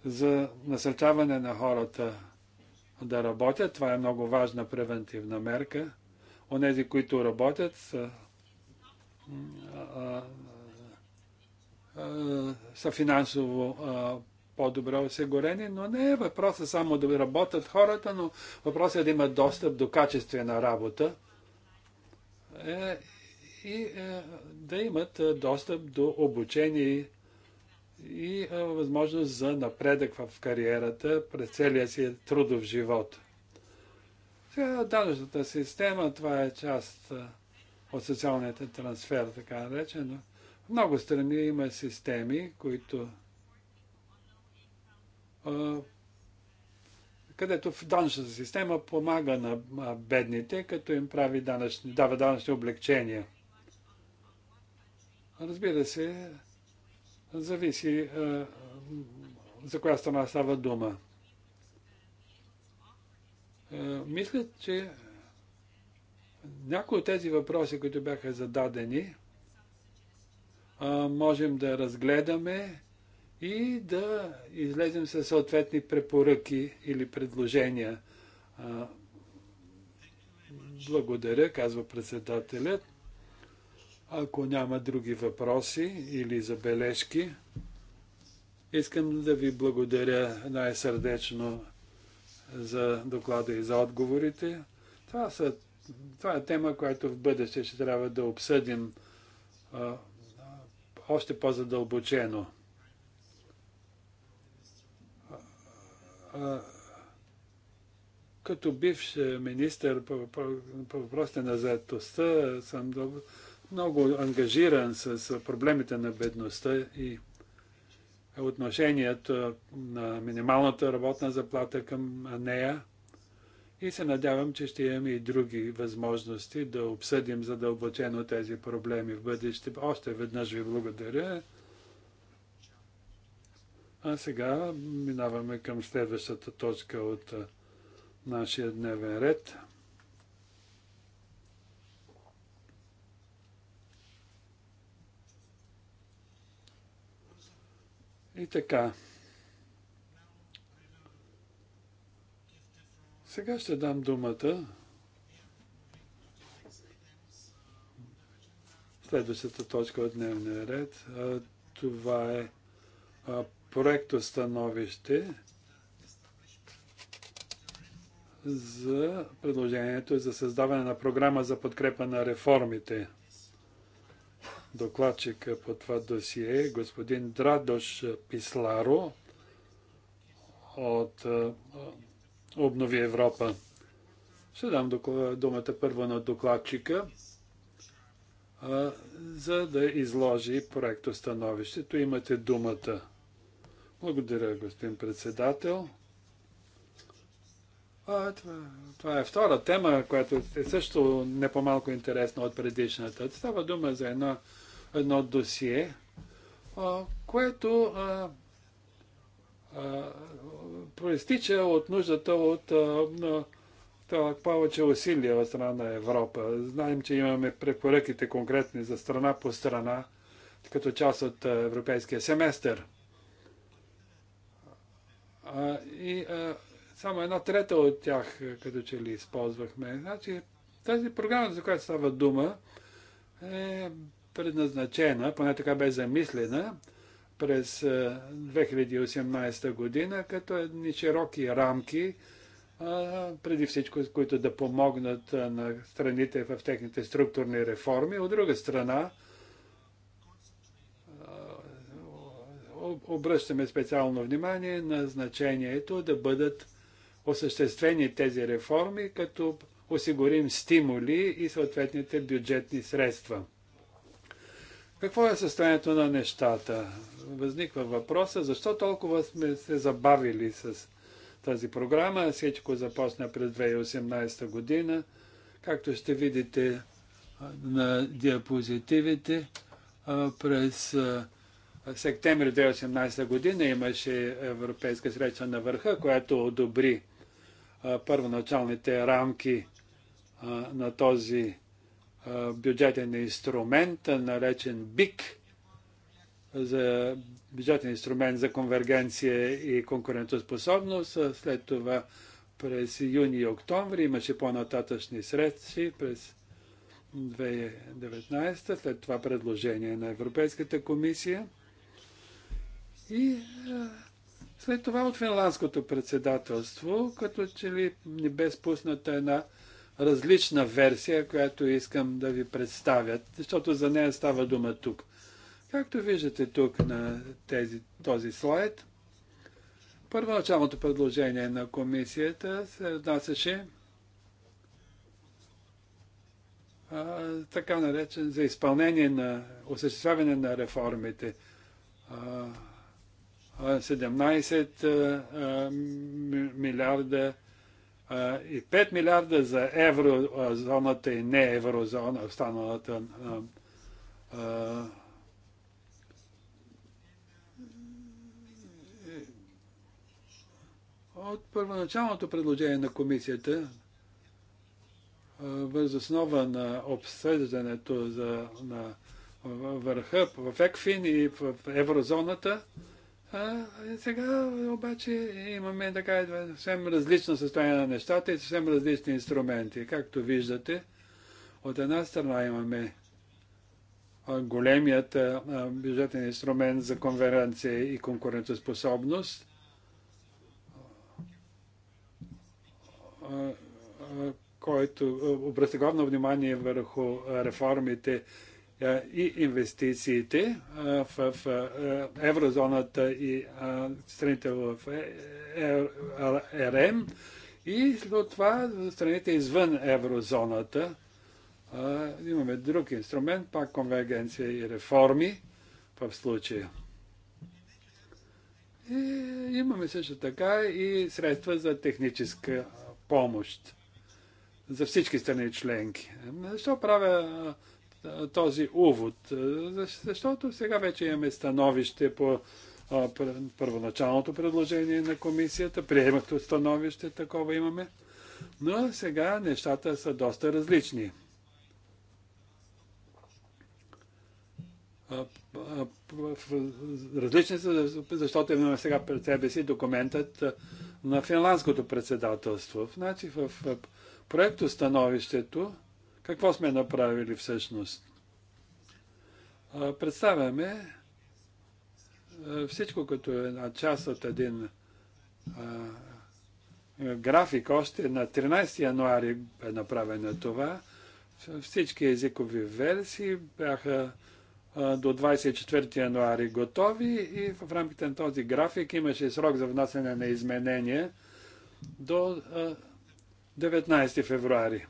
за насърчаване на хората да работят, това е много важна превентивна мерка. Онези, които работят, са финансово по-добре осигурени, но не е въпроса само да работят хората, но въпросът е да имат достъп до качествена работа е, и е, да имат е, достъп до обучение и възможност за напредък в кариерата през целия си трудов живот. Сега данъчната система, това е част от социалният трансфер, така наречено. В много страни има системи, които където в данъчната система помага на бедните, като им прави данъчни, дава данъчни облегчения. Разбира се, зависи а, за коя страна става дума. А, мисля, че някои от тези въпроси, които бяха зададени, а, можем да разгледаме и да излезем със съответни препоръки или предложения. Благодаря, казва председателят. Ако няма други въпроси или забележки, искам да ви благодаря най-сърдечно за доклада и за отговорите. Това, са, това е тема, която в бъдеще ще трябва да обсъдим а, още по-задълбочено. Като бивш министър по, по, по въпросите на заедостта съм много, много ангажиран с проблемите на бедността и отношението на минималната работна заплата към нея. И се надявам, че ще имаме и други възможности да обсъдим задълбочено тези проблеми в бъдеще. Още веднъж ви благодаря. А сега минаваме към следващата точка от нашия дневен ред. И така. Сега ще дам думата. Следващата точка от дневния ред. Това е проекто становище за предложението е за създаване на програма за подкрепа на реформите. Докладчик по това досие е господин Драдош Писларо от Обнови Европа. Ще дам думата първо на докладчика, за да изложи становището. Имате думата. Благодаря, господин председател. А, това, това е втора тема, която е също не по-малко интересна от предишната. Става дума за едно, едно досие, а, което а, а, проистича от нуждата от а, това, повече усилия от страна на Европа. Знаем, че имаме препоръките конкретни за страна по страна, като част от европейския семестър. А, и а, само една трета от тях, е, като че ли използвахме. Значи, тази програма, за която става дума, е предназначена, поне така бе замислена, през 2018 е, година, като едни широки рамки, преди всичко, които да помогнат на страните в техните структурни реформи. От друга страна, обръщаме специално внимание на значението да бъдат осъществени тези реформи, като осигурим стимули и съответните бюджетни средства. Какво е състоянието на нещата? Възниква въпроса, защо толкова сме се забавили с тази програма. Всичко започна през 2018 година. Както ще видите на диапозитивите, през септември 2018 година имаше Европейска среща на върха, която одобри първоначалните рамки на този бюджетен инструмент, наречен БИК, за бюджетен инструмент за конвергенция и конкурентоспособност. След това през юни и октомври имаше по-нататъчни средства през 2019, след това предложение на Европейската комисия. И а, след това от финландското председателство, като че ли не бе спусната една различна версия, която искам да ви представят, защото за нея става дума тук. Както виждате тук на тези, този слайд, първоначалното предложение на комисията се отнасяше така наречен за изпълнение на осъществяване на реформите. А, 17 милиарда и 5 милиарда за еврозоната и не еврозона, останалата от първоначалното предложение на комисията, въз основа на обсъждането за, на върха в ЕКФИН и в еврозоната, а, сега обаче имаме така съвсем различно състояние на нещата и съвсем различни инструменти. Както виждате, от една страна имаме големият бюджетен инструмент за конверенция и конкурентоспособност, който обръща главно внимание върху реформите е, и инвестициите е, в е, еврозоната и страните в РМ и след това страните извън еврозоната. Имаме друг инструмент, пак конвергенция и реформи в случая. И имаме също така и средства за техническа помощ за всички страни членки. Защо правя този увод, защото сега вече имаме становище по първоначалното предложение на комисията, Приемахто становище, такова имаме, но сега нещата са доста различни. Различни са, защото имаме сега пред себе си документът на финландското председателство. Значи в проекто становището какво сме направили всъщност? Представяме всичко като една част от един график. Още на 13 януари е направено това. Всички езикови версии бяха до 24 януари готови и в рамките на този график имаше срок за внасяне на изменения до 19 февруари.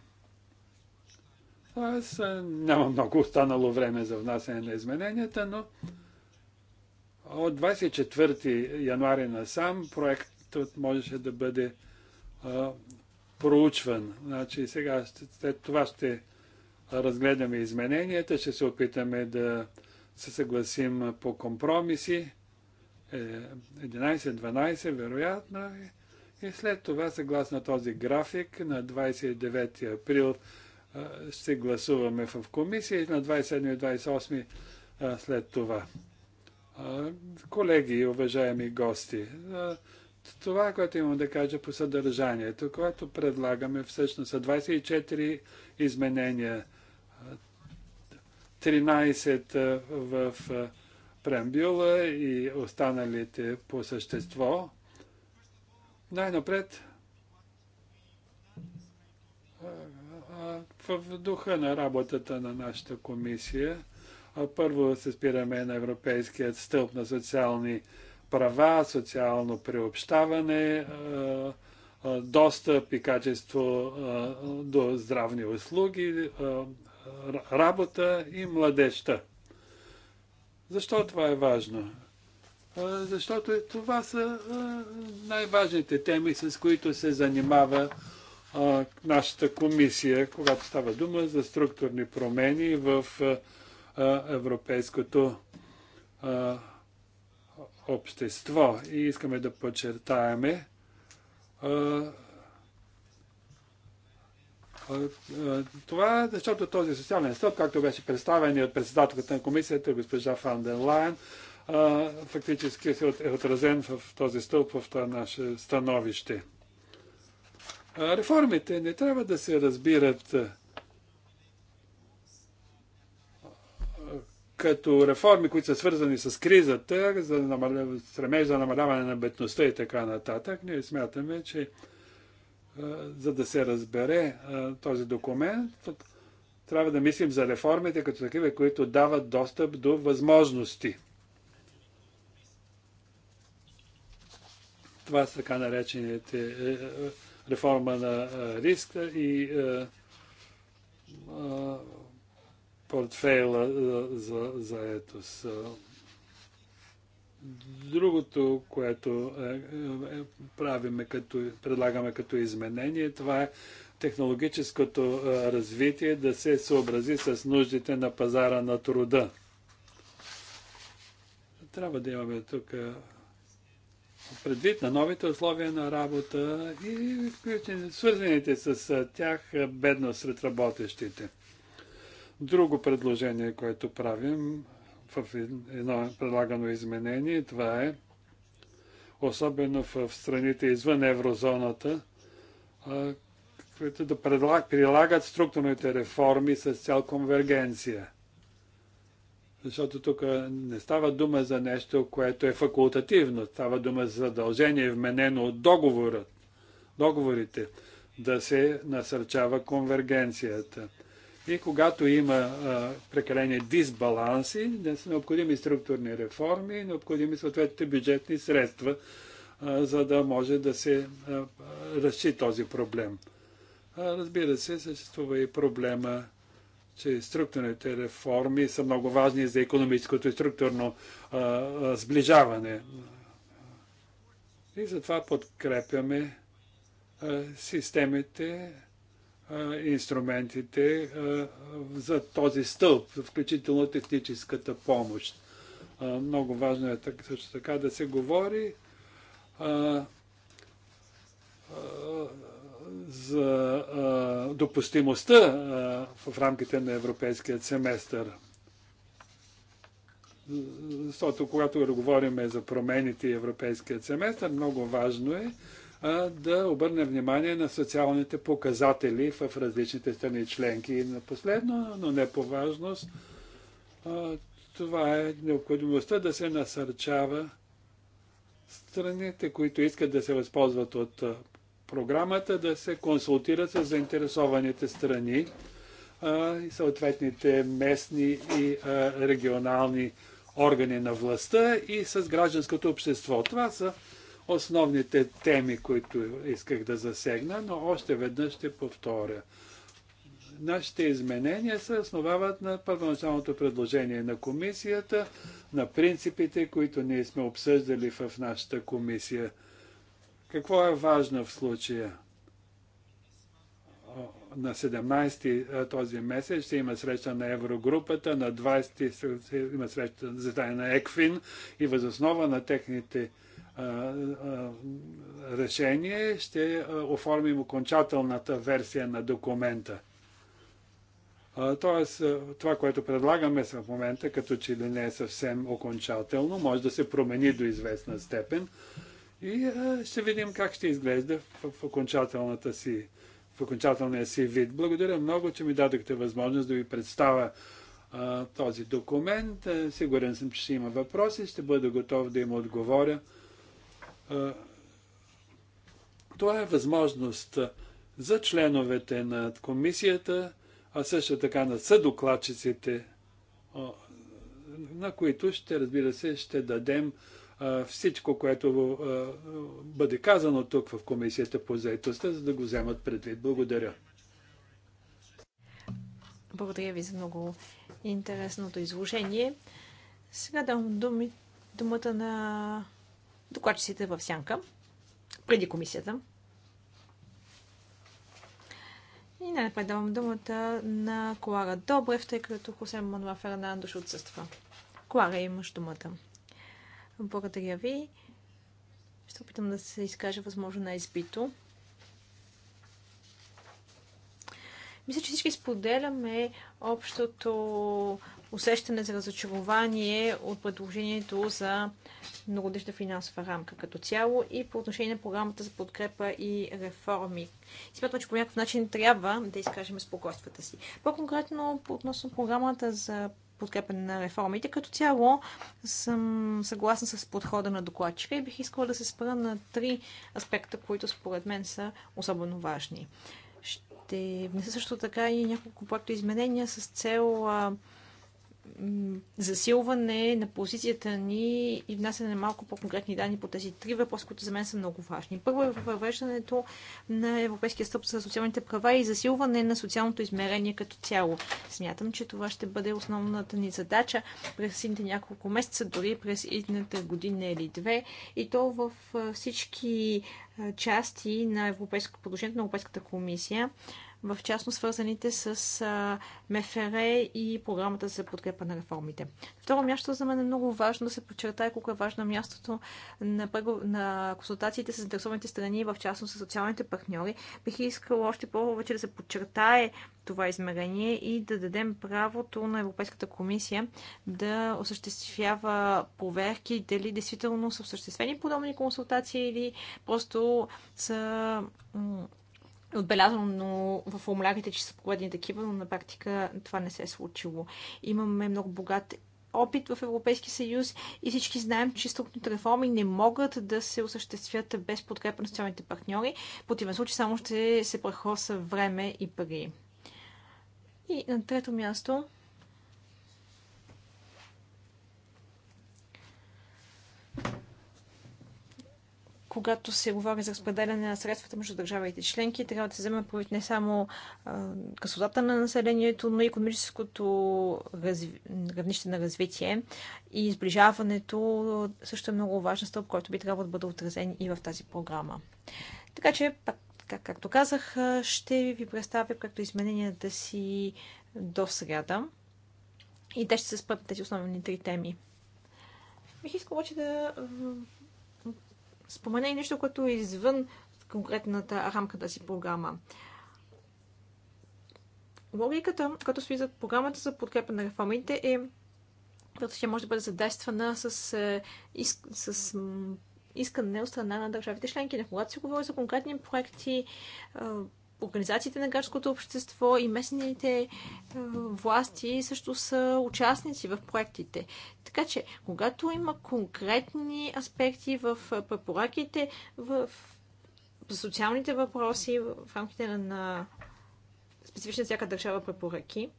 Аз няма много останало време за внасяне на измененията, но от 24 януари насам проектът можеше да бъде а, проучван. Значи сега след това ще разгледаме измененията, ще се опитаме да се съгласим по компромиси. 11-12, е, вероятно. Е. И след това, съгласно този график, на 29 април ще гласуваме в комисия на 27 и 28 след това. колеги, уважаеми гости, това, което имам да кажа по съдържанието, което предлагаме всъщност са 24 изменения, 13 в прембюла и останалите по същество. Най-напред в духа на работата на нашата комисия. Първо се спираме на Европейският стълб на социални права, социално приобщаване, достъп и качество до здравни услуги, работа и младежта. Защо това е важно? Защото това са най-важните теми, с които се занимава нашата комисия, когато става дума за структурни промени в европейското общество. И искаме да подчертаеме това, защото този социален стълб, както беше представен и от председателката на комисията, госпожа Фан ден Лайн, фактически е отразен в този стълб в това наше становище. Реформите не трябва да се разбират като реформи, които са свързани с кризата, за стремеж за намаляване на бедността и така нататък, ние смятаме, че за да се разбере този документ, трябва да мислим за реформите като такива, които дават достъп до възможности. Това са така наречените е, е, реформа на риска и портфейла за заетост. Другото, което е, е, е, правиме като, предлагаме като изменение, това е технологическото развитие да се съобрази с нуждите на пазара на труда. Трябва да имаме тук предвид на новите условия на работа и свързаните с тях бедност сред работещите. Друго предложение, което правим в едно предлагано изменение, това е особено в страните извън еврозоната, които да прилагат структурните реформи с цял конвергенция защото тук не става дума за нещо, което е факултативно. Става дума за задължение, вменено от договора, договорите, да се насърчава конвергенцията. И когато има а, прекалени дисбаланси, не са необходими структурни реформи, необходими съответните бюджетни средства, а, за да може да се а, реши този проблем. А, разбира се, съществува и проблема че структурните реформи са много важни за економическото и структурно а, сближаване. И затова подкрепяме а, системите, а, инструментите а, за този стълб, включително техническата помощ. А, много важно е так, също така да се говори. А, а за а, допустимостта а, в рамките на европейският семестър. Защото когато говорим за промените и европейският семестър, много важно е а, да обърнем внимание на социалните показатели в различните страни членки. И на последно, но не по важност, а, това е необходимостта да се насърчава страните, които искат да се възползват от програмата да се консултира с заинтересованите страни и съответните местни и регионални органи на властта и с гражданското общество. Това са основните теми, които исках да засегна, но още веднъж ще повторя. Нашите изменения се основават на първоначалното предложение на комисията, на принципите, които ние сме обсъждали в нашата комисия – какво е важно в случая? На 17 е, този месец ще има среща на Еврогрупата, на 20 ти има среща заседание на ЕКФИН и възоснова на техните е, е, решение ще оформим окончателната версия на документа. Тоест, това, което предлагаме в момента, като че ли не е съвсем окончателно, може да се промени до известна степен, и ще видим как ще изглежда в, в окончателната си в окончателния си вид. Благодаря много, че ми дадохте възможност да ви представя а, този документ. А, сигурен съм, че ще има въпроси. Ще бъда готов да им отговоря. А, това е възможност за членовете на комисията, а също така на съдокладчиците, на които ще, разбира се, ще дадем всичко, което бъде казано тук в Комисията по заедостта, за да го вземат предвид. Благодаря. Благодаря ви за много интересното изложение. Сега дам думи, думата на докладчиците в Сянка, преди комисията. И най-напред давам думата на Клара Добрев, тъй като Хосе Мануа Фернандо ще отсъства. Клара, имаш думата. Благодаря ви. Ще опитам да се изкажа възможно най-избито. Мисля, че всички споделяме общото усещане за разочарование от предложението за многодишна финансова рамка като цяло и по отношение на програмата за подкрепа и реформи. Смятам, че по някакъв начин трябва да изкажем спокойствата си. По-конкретно по относно програмата за Подкрепен на реформите. Като цяло съм съгласна с подхода на докладчика и бих искала да се спра на три аспекта, които според мен са особено важни. Ще внеса също така и няколко проекта изменения с цел засилване на позицията ни и внасяне на малко по-конкретни данни по тези три въпроса, които за мен са много важни. Първо е въвеждането на Европейския стъп за социалните права и засилване на социалното измерение като цяло. Смятам, че това ще бъде основната ни задача през сините няколко месеца, дори през едната година или две, и то в всички части на европейско, предложението на Европейската комисия в частност свързаните с а, МФР и програмата за подкрепа на реформите. Второ място за мен е много важно да се подчертае колко е важно мястото на, на консултациите с заинтересованите страни, в частност с социалните партньори. Бих искала още повече да се подчертае това измерение и да дадем правото на Европейската комисия да осъществява проверки дали действително са осъществени подобни консултации или просто са е отбелязано в формулярите, че са проведени такива, но на практика това не се е случило. Имаме много богат опит в Европейския съюз и всички знаем, че структурните реформи не могат да се осъществят без подкрепа на социалните партньори. В противен случай само ще се прехоса време и пари. И на трето място когато се говори за разпределяне на средствата между държавите и членки, трябва да се вземе правит не само красотата на населението, но и економическото равнище на развитие и изближаването също е много важен стълб, който би трябвало да бъде отразен и в тази програма. Така че, как, както казах, ще ви представя както измененията си до среда. И те ще се спрат тези основни три теми. Бих искала обаче да спомена и нещо, което е извън конкретната рамка си програма. Логиката, като стои за програмата за подкрепа на реформите е, като ще може да бъде задействана с, е, с, с искане от страна на държавите членки. когато се говори за конкретни проекти, е, организациите на градското общество и местните е, власти също са участници в проектите. Така че, когато има конкретни аспекти в е, препоръките, в социалните въпроси, в рамките на, специфична всяка държава препоръки,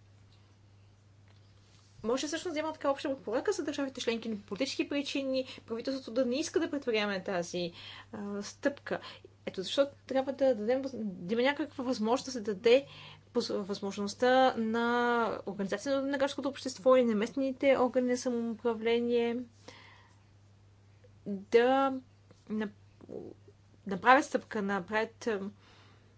може всъщност да има така обща препоръка за държавите членки, на по политически причини правителството да не иска да предприеме тази а, стъпка. Ето защо трябва да дадем да има някаква възможност да се даде възможността на организацията на гражданското общество и на местните органи на самоуправление да направят стъпка напред,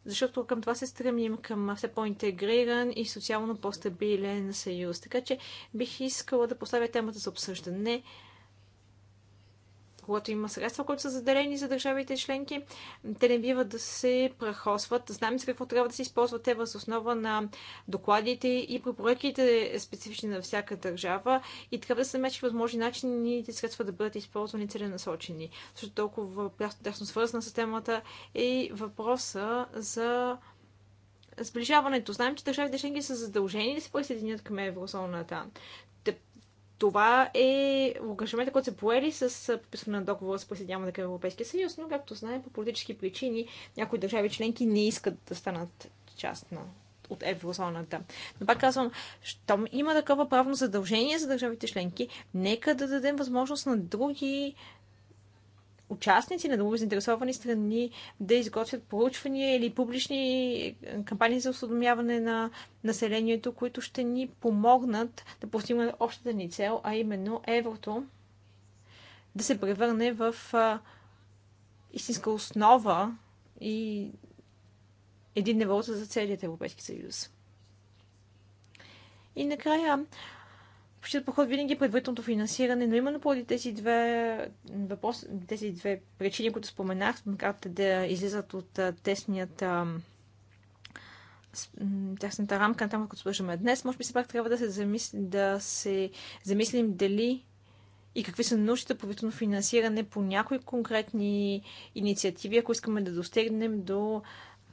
защото към това се стремим, към все по-интегриран и социално по-стабилен съюз. Така че бих искала да поставя темата за обсъждане когато има средства, които са заделени за държавите членки, те не биват да се прахосват. Знаем се какво трябва да се използват те въз основа на докладите и препоръките специфични на всяка държава и трябва да се намечи възможни начини тези средства да бъдат използвани целенасочени. Защото толкова тясно свързана с темата е и въпроса за сближаването. Знаем, че държавите членки са задължени да се присъединят към еврозоната това е ангажимента, който се поели с подписване на договора с присъединяване към Европейския съюз, но както знаем, по политически причини някои държави членки не искат да станат част на от еврозоната. Но пак казвам, щом има такова правно задължение за държавите членки, нека да дадем възможност на други участници, на други заинтересовани страни да изготвят проучвания или публични кампании за осведомяване на населението, които ще ни помогнат да постигнат общата ни цел, а именно еврото да се превърне в истинска основа и един валута за целият Европейски съюз. И накрая общият подход винаги е предварителното финансиране, но именно поради тези две, въпрос, тези две причини, които споменах, макар да излизат от тесният тясната рамка на там, като слушаме днес, може би все пак трябва да се, замисли, да се замислим дали и какви са нуждите правително финансиране по някои конкретни инициативи, ако искаме да достигнем до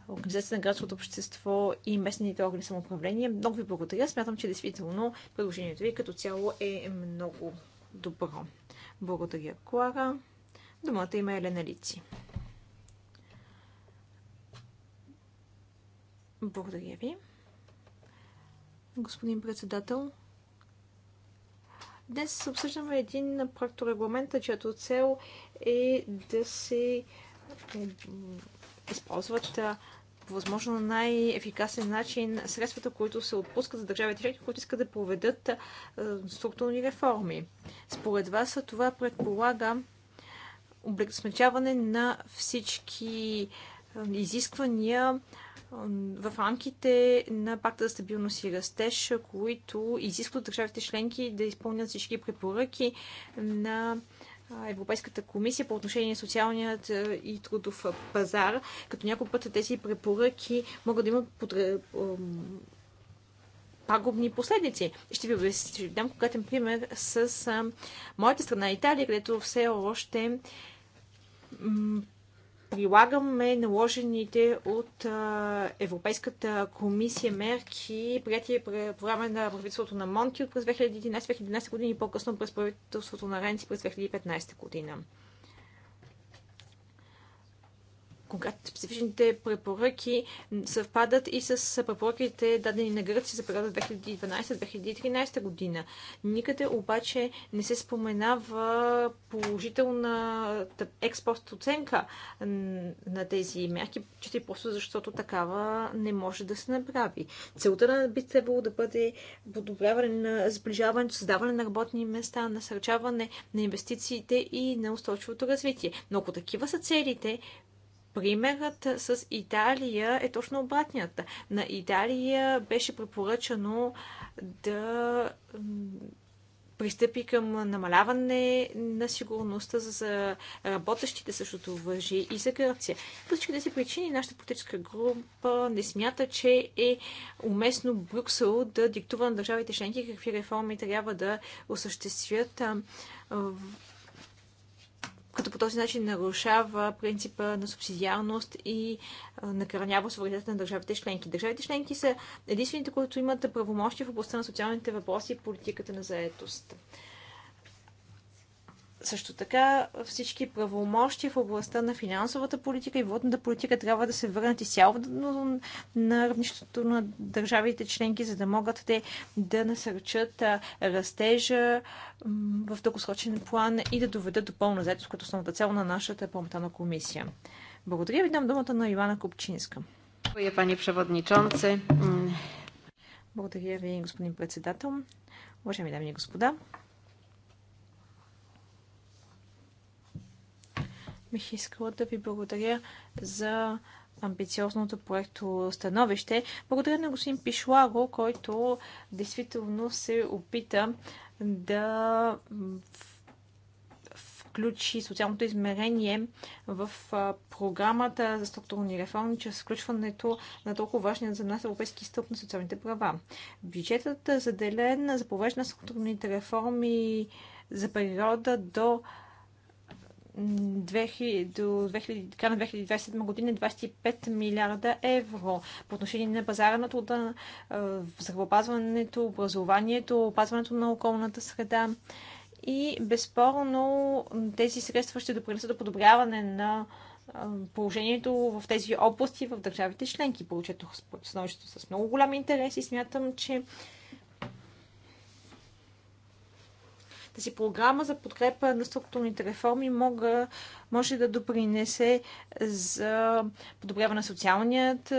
Организацията на градското общество и местните органи самоуправление. Много ви благодаря. Смятам, че действително предложението ви като цяло е много добро. Благодаря, Клара. Думата има Елена Лици. Благодаря ви. Господин председател, днес обсъждаме един проекторегламент, чиято цел е да се използват по възможно най-ефикасен начин средствата, които се отпускат за държавите членки, които искат да проведат е, структурни реформи. Според вас това предполага облегсмечаване на всички е, изисквания е, в рамките на пакта за стабилност и растеж, които изискват държавите членки да изпълнят всички препоръки на Европейската комисия по отношение на социалният и трудов пазар, като няколко пъти тези препоръки могат да имат подре... пагубни последици. Ще ви, ще дам конкретен пример с моята страна Италия, където все още прилагаме наложените от Европейската комисия мерки, прияти по време на правителството на Монти от през 2011-2011 година и по-късно през правителството на Ренци през 2015 година когато специфичните препоръки съвпадат и с препоръките дадени на Гърция за периода 2012-2013 година. Никъде обаче не се споменава положителна експост оценка на тези мерки, че просто защото такава не може да се направи. Целта на би трябвало да бъде подобряване на сближаването, създаване на работни места, насърчаване на инвестициите и на устойчивото развитие. Но ако такива са целите, Примерът с Италия е точно обратният. На Италия беше препоръчано да пристъпи към намаляване на сигурността за работещите, същото въжи и за Гърция. По всички тези причини нашата политическа група не смята, че е уместно Брюксел да диктува на държавите членки какви реформи трябва да осъществят като по този начин нарушава принципа на субсидиарност и накранява суверенитета на държавите членки. Държавите членки са единствените, които имат правомощи в областта на социалните въпроси и политиката на заетост. Също така всички правомощия в областта на финансовата политика и водната политика трябва да се върнат изцяло на равнището на държавите членки, за да могат те да насърчат растежа в дългосрочен план и да доведат до пълна заедност, като основната цел на нашата парламентарна комисия. Благодаря ви, дам думата на Ивана Купчинска. Благодаря, пани Преводничонце. Благодаря ви, господин председател. Уважаеми дами и господа, бих искала да ви благодаря за амбициозното проекто становище. Благодаря на господин Пишлаго, който действително се опита да включи социалното измерение в програмата за структурни реформи, чрез включването на толкова важния за нас европейски стълб на социалните права. Бюджетът е заделен за провеждане на структурните реформи за периода до до на 2027 година 25 е милиарда евро. По отношение на пазара на труда, здравеопазването, образованието, опазването на околната среда. И безспорно тези средства ще допринесат до подобряване на положението в тези области в държавите членки. Получето становището с много голям интерес и смятам, че Тази програма за подкрепа на структурните реформи мога, може да допринесе за подобряване на социалният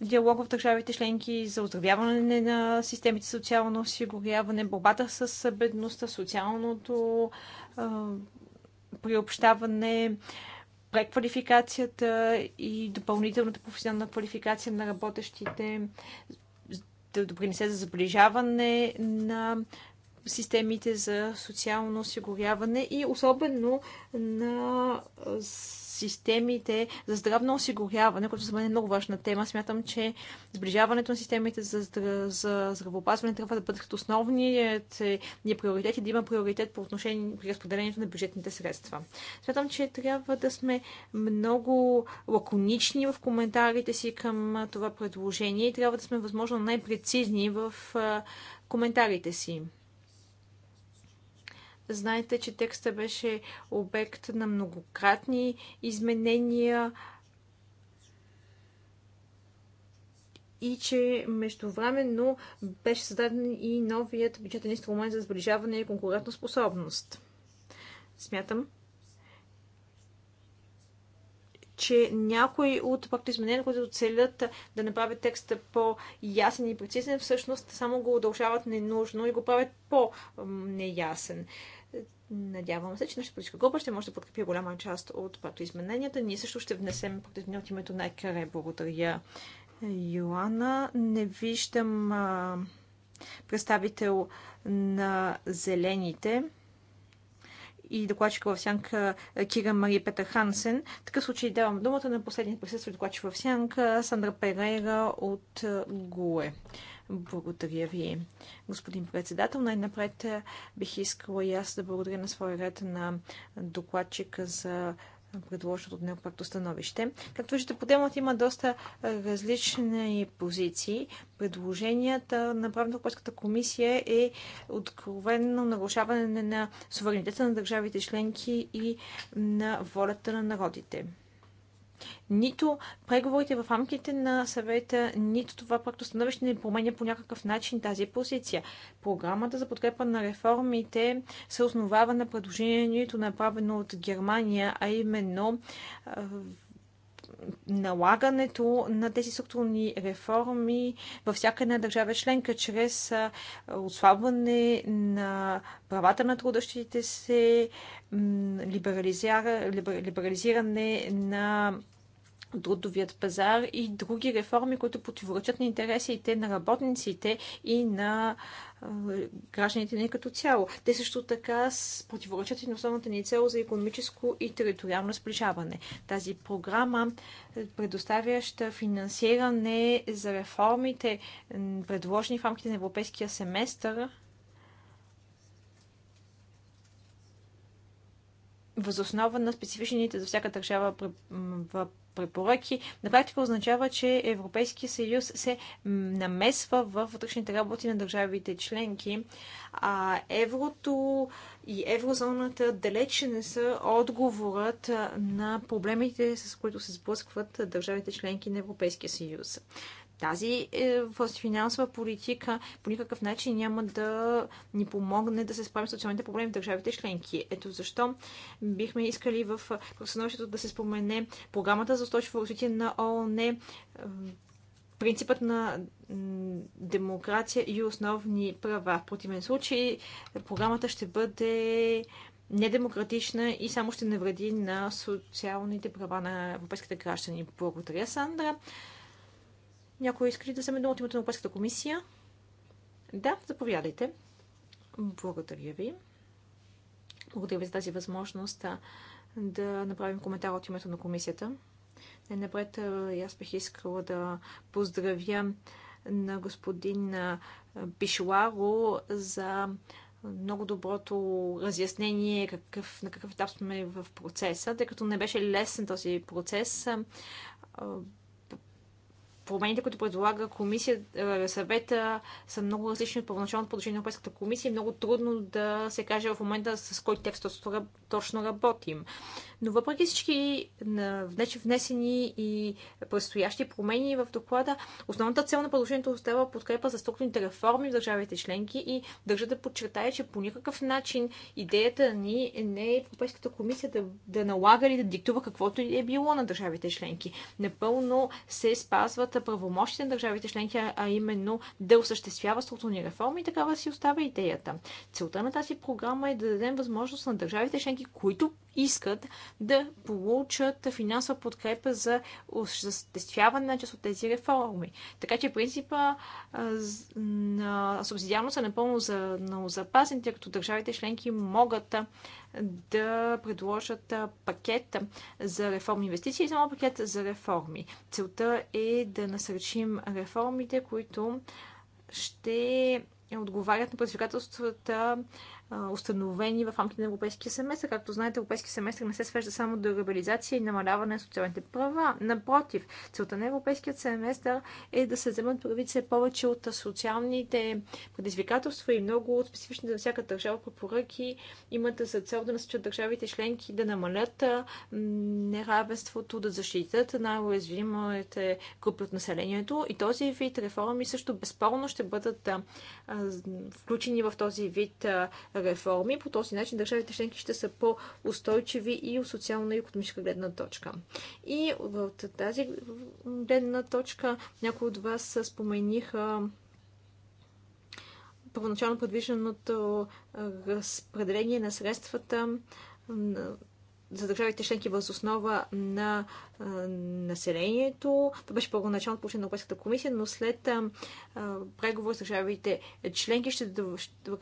диалог в държавите членки, за оздравяване на системите социално осигуряване, борбата с бедността, социалното приобщаване, преквалификацията и допълнителната професионална квалификация на работещите, да допринесе за заближаване на системите за социално осигуряване и особено на системите за здравно осигуряване, което за мен е много важна тема. Смятам, че сближаването на системите за, здра... за здравеопазване трябва да бъдат основният е, ни е приоритет и да има приоритет по отношение при разпределението на бюджетните средства. Смятам, че трябва да сме много лаконични в коментарите си към това предложение и трябва да сме възможно най-прецизни в коментарите си. Знаете, че текста беше обект на многократни изменения и че междувременно беше създаден и новият бюджетен инструмент за сближаване и конкурентоспособност. Смятам, че някои от пакто изменения, които целят да направят текста по-ясен и прецизен, всъщност само го удължават ненужно и го правят по-неясен. Надявам се, че нашата политическа група ще може да подкрепи голяма част от пакто измененията. Ние също ще внесем проекта от името на ЕКР. Благодаря, Йоанна. Не виждам а, представител на зелените и докладчика в сянка Кира Мария Петър Хансен. В такъв случай давам думата на последния присъствие докладчик в сянка Сандра Перейра от е, ГУЕ. Благодаря ви, господин председател. Най-напред е, бих искала и аз да благодаря на своя ред на докладчика за предложеното от него пакто становище. Както виждате, по темата има доста различни позиции. Предложенията на Правно-Европейската комисия е откровенно нарушаване на суверенитета на държавите членки и на волята на народите. Нито преговорите в рамките на съвета, нито това проекто становище не променя по някакъв начин тази позиция. Програмата за подкрепа на реформите се основава на предложението направено от Германия, а именно налагането на тези структурни реформи във всяка една държава членка чрез отслабване на правата на трудащите се, либерализиране на трудовият пазар и други реформи, които противоречат на интересите на работниците и на гражданите ни като цяло. Те също така противоречат и на основната ни цел за економическо и териториално сближаване. Тази програма, е, предоставяща финансиране за реформите, предложени в рамките на европейския семестър, възоснова на специфичните за всяка държава препоръки, на практика означава, че Европейския съюз се намесва в вътрешните работи на държавите членки, а еврото и еврозоната далеч не са отговорът на проблемите, с които се сблъскват държавите членки на Европейския съюз. Тази е, финансова политика по никакъв начин няма да ни помогне да се справим с социалните проблеми в държавите членки. Ето защо бихме искали в професионалището да се спомене програмата за устойчиво развитие на ООН, е, принципът на демокрация и основни права. В противен случай програмата ще бъде недемократична и само ще навреди на социалните права на европейските граждани. Благодаря, Сандра. Някой иска ли да вземе думата от името на Европейската комисия? Да, заповядайте. Благодаря ви. Благодаря ви за тази възможност да направим коментар от името на комисията. Не, напред, аз бих искала да поздравя на господин Бишуаро за много доброто разяснение какъв, на какъв етап сме в процеса, тъй като не беше лесен този процес промените, които предлага комисия, е, съвета, са много различни от първоначалното положение на Европейската комисия. Много трудно да се каже в момента с кой текст точно работим. Но въпреки всички вече внесени и предстоящи промени в доклада, основната цел на предложението остава подкрепа за структурните реформи в държавите членки и държа да подчертая, че по никакъв начин идеята ни не е Европейската комисия да, да налага или да диктува каквото и е било на държавите членки. Напълно се спазват остават правомощите на държавите членки, а именно да осъществява структурни реформи, такава си остава идеята. Целта на тази програма е да дадем възможност на държавите членки, които искат да получат финансова подкрепа за осъществяване на част от тези реформи. Така че принципа на субсидиарност е напълно за, тъй като държавите членки могат да предложат пакет за реформи инвестиции и само пакет за реформи. Целта е да насърчим реформите, които ще отговарят на предизвикателствата установени в рамките на Европейския семестър. Както знаете, Европейския семестър не се свежда само до либерализация и намаляване на социалните права. Напротив, целта на Европейският семестър е да се вземат прави повече от социалните предизвикателства и много от специфични за всяка държава препоръки имат за цел да насочат държавите членки да намалят неравенството, да защитят най-уязвимите групи от населението. И този вид реформи също безспорно ще бъдат включени в този вид реформи. По този начин държавите членки ще са по-устойчиви и от социална и економическа гледна точка. И от тази гледна точка някои от вас спомениха първоначално предвижданото разпределение на средствата за държавите членки въз основа на а, населението. Това беше първоначално получено на Европейската комисия, но след а, а, преговор с държавите членки ще,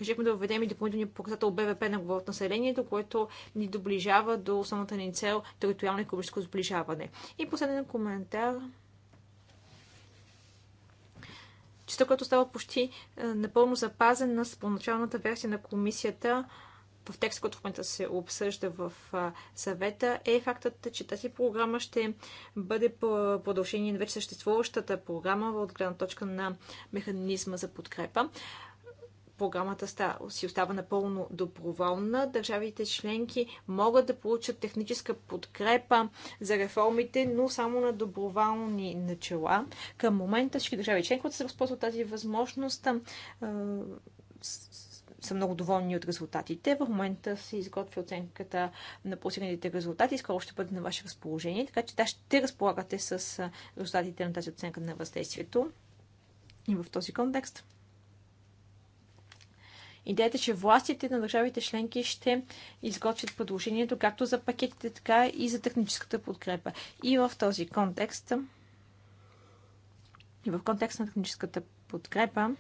ще да въведем и допълнителния показател БВП на глава от населението, което ни доближава до основната ни цел териториално и економическо сближаване. И последен коментар. Чисто, което става почти напълно запазена с първоначалната версия на комисията, в текст, който в момента се обсъжда в съвета, е фактът, че тази програма ще бъде по продължение на вече съществуващата програма от гледна точка на механизма за подкрепа програмата си остава напълно доброволна. Държавите членки могат да получат техническа подкрепа за реформите, но само на доброволни начала. Към момента всички държави членки, които се възползват тази възможност, са много доволни от резултатите. В момента се изготвя оценката на постигнатите резултати. Скоро ще бъде на ваше разположение. Така че да, ще разполагате с резултатите на тази оценка на въздействието. И в този контекст. Идеята, е, че властите на държавите членки ще изготвят предложението както за пакетите, така и за техническата подкрепа. И в този контекст, и в контекст на техническата подкрепа,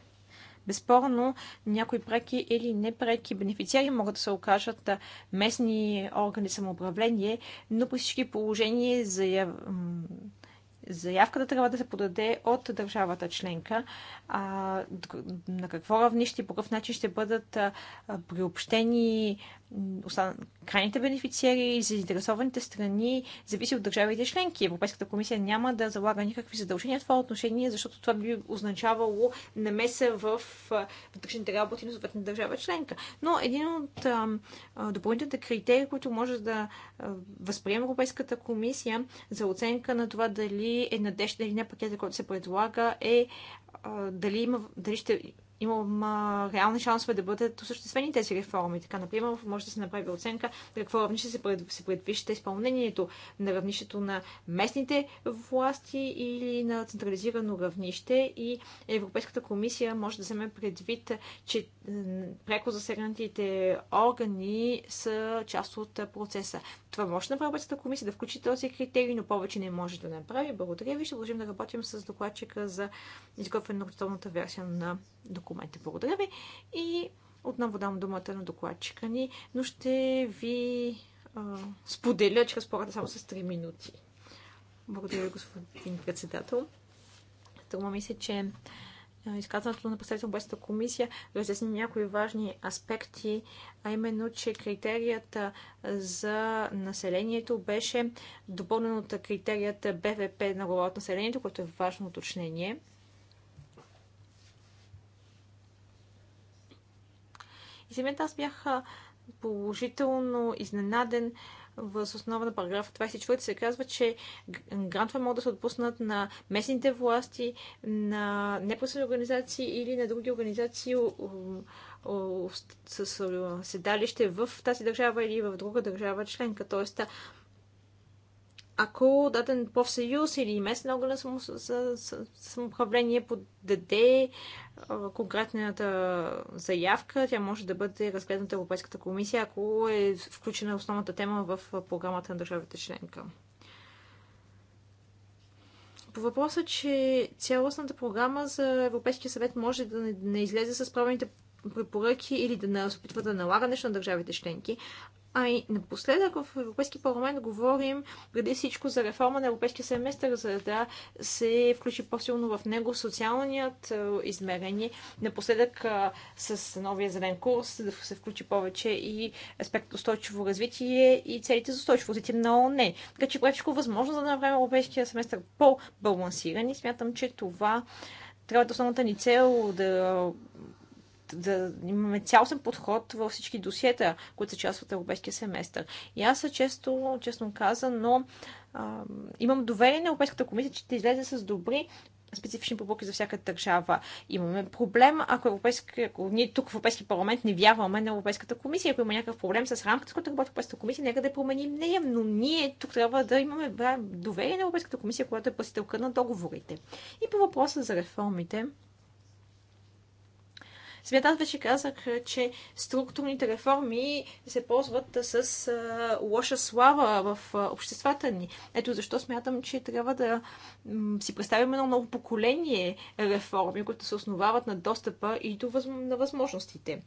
Безспорно, някои преки или непреки бенефициари могат да се окажат местни органи самоуправление, но при всички положения заяв... заявката трябва да се подаде от държавата членка. А, на какво равнище и по какъв начин ще бъдат приобщени крайните бенефициери и заинтересованите страни зависи от държавите членки. Европейската комисия няма да залага никакви задължения в това отношение, защото това би означавало намеса в вътрешните работи на съответната държава членка. Но един от допълнителните критерии, които може да възприеме Европейската комисия за оценка на това дали е надежда или не пакета, който се предлага, е дали, има, дали ще имам реални шансове да бъдат осъществени тези реформи. Така, например, може да се направи оценка на какво равнище се, пред, се предвижда изпълнението на равнището на местните власти или на централизирано равнище и Европейската комисия може да вземе предвид, че преко засегнатите органи са част от процеса. Това може да направи Европейската комисия да включи този критерий, но повече не може да направи. Благодаря ви. Ще продължим да работим с докладчика за изготвяне на версия на документа документа. Благодаря ви и отново дам думата на докладчика ни, но ще ви а, споделя, че разполагате само с 3 минути. Благодаря, господин председател. Трума ми се, че изказването на представител Бесната комисия разясни някои важни аспекти, а именно, че критерията за населението беше допълнена от критерията БВП на глава от населението, което е важно уточнение. И мен аз бях положително изненаден въз основа на параграф 24 се казва, че грантове могат да се отпуснат на местните власти, на непосредни организации или на други организации с седалище в тази държава или в друга държава членка. Тоест, ако даден профсъюз или местна органа само, самоуправление подаде конкретната заявка, тя може да бъде разгледана от Европейската комисия, ако е включена основната тема в програмата на държавите членка. По въпроса, че цялостната програма за Европейския съвет може да не излезе с правените препоръки или да не опитва да налага нещо на държавите членки. А и напоследък в Европейски парламент говорим преди всичко за реформа на Европейския семестър, за да се включи по-силно в него социалният е, измерение. Напоследък е, с новия зелен курс да се включи повече и аспект устойчиво развитие и целите за устойчиво развитие на ООН. Така че прави всичко е възможно за да направим Европейския семестър по-балансиран и смятам, че това трябва да основната ни цел да да имаме цялостен подход във всички досиета, които са част от европейския семестър. И аз често, честно казвам, но а, имам доверие на Европейската комисия, че ще излезе с добри специфични пробуки за всяка държава. Имаме проблем, ако, ако ние тук в Европейския парламент не вярваме на Европейската комисия, ако има някакъв проблем с рамката, с която работи Европейската комисия, нека да променим нея, но ние тук трябва да имаме доверие на Европейската комисия, която е пасителка на договорите. И по въпроса за реформите, Смята, аз вече казах, че структурните реформи се ползват с лоша слава в обществата ни. Ето защо смятам, че трябва да си представим едно ново поколение реформи, които се основават на достъпа и до въз... на възможностите.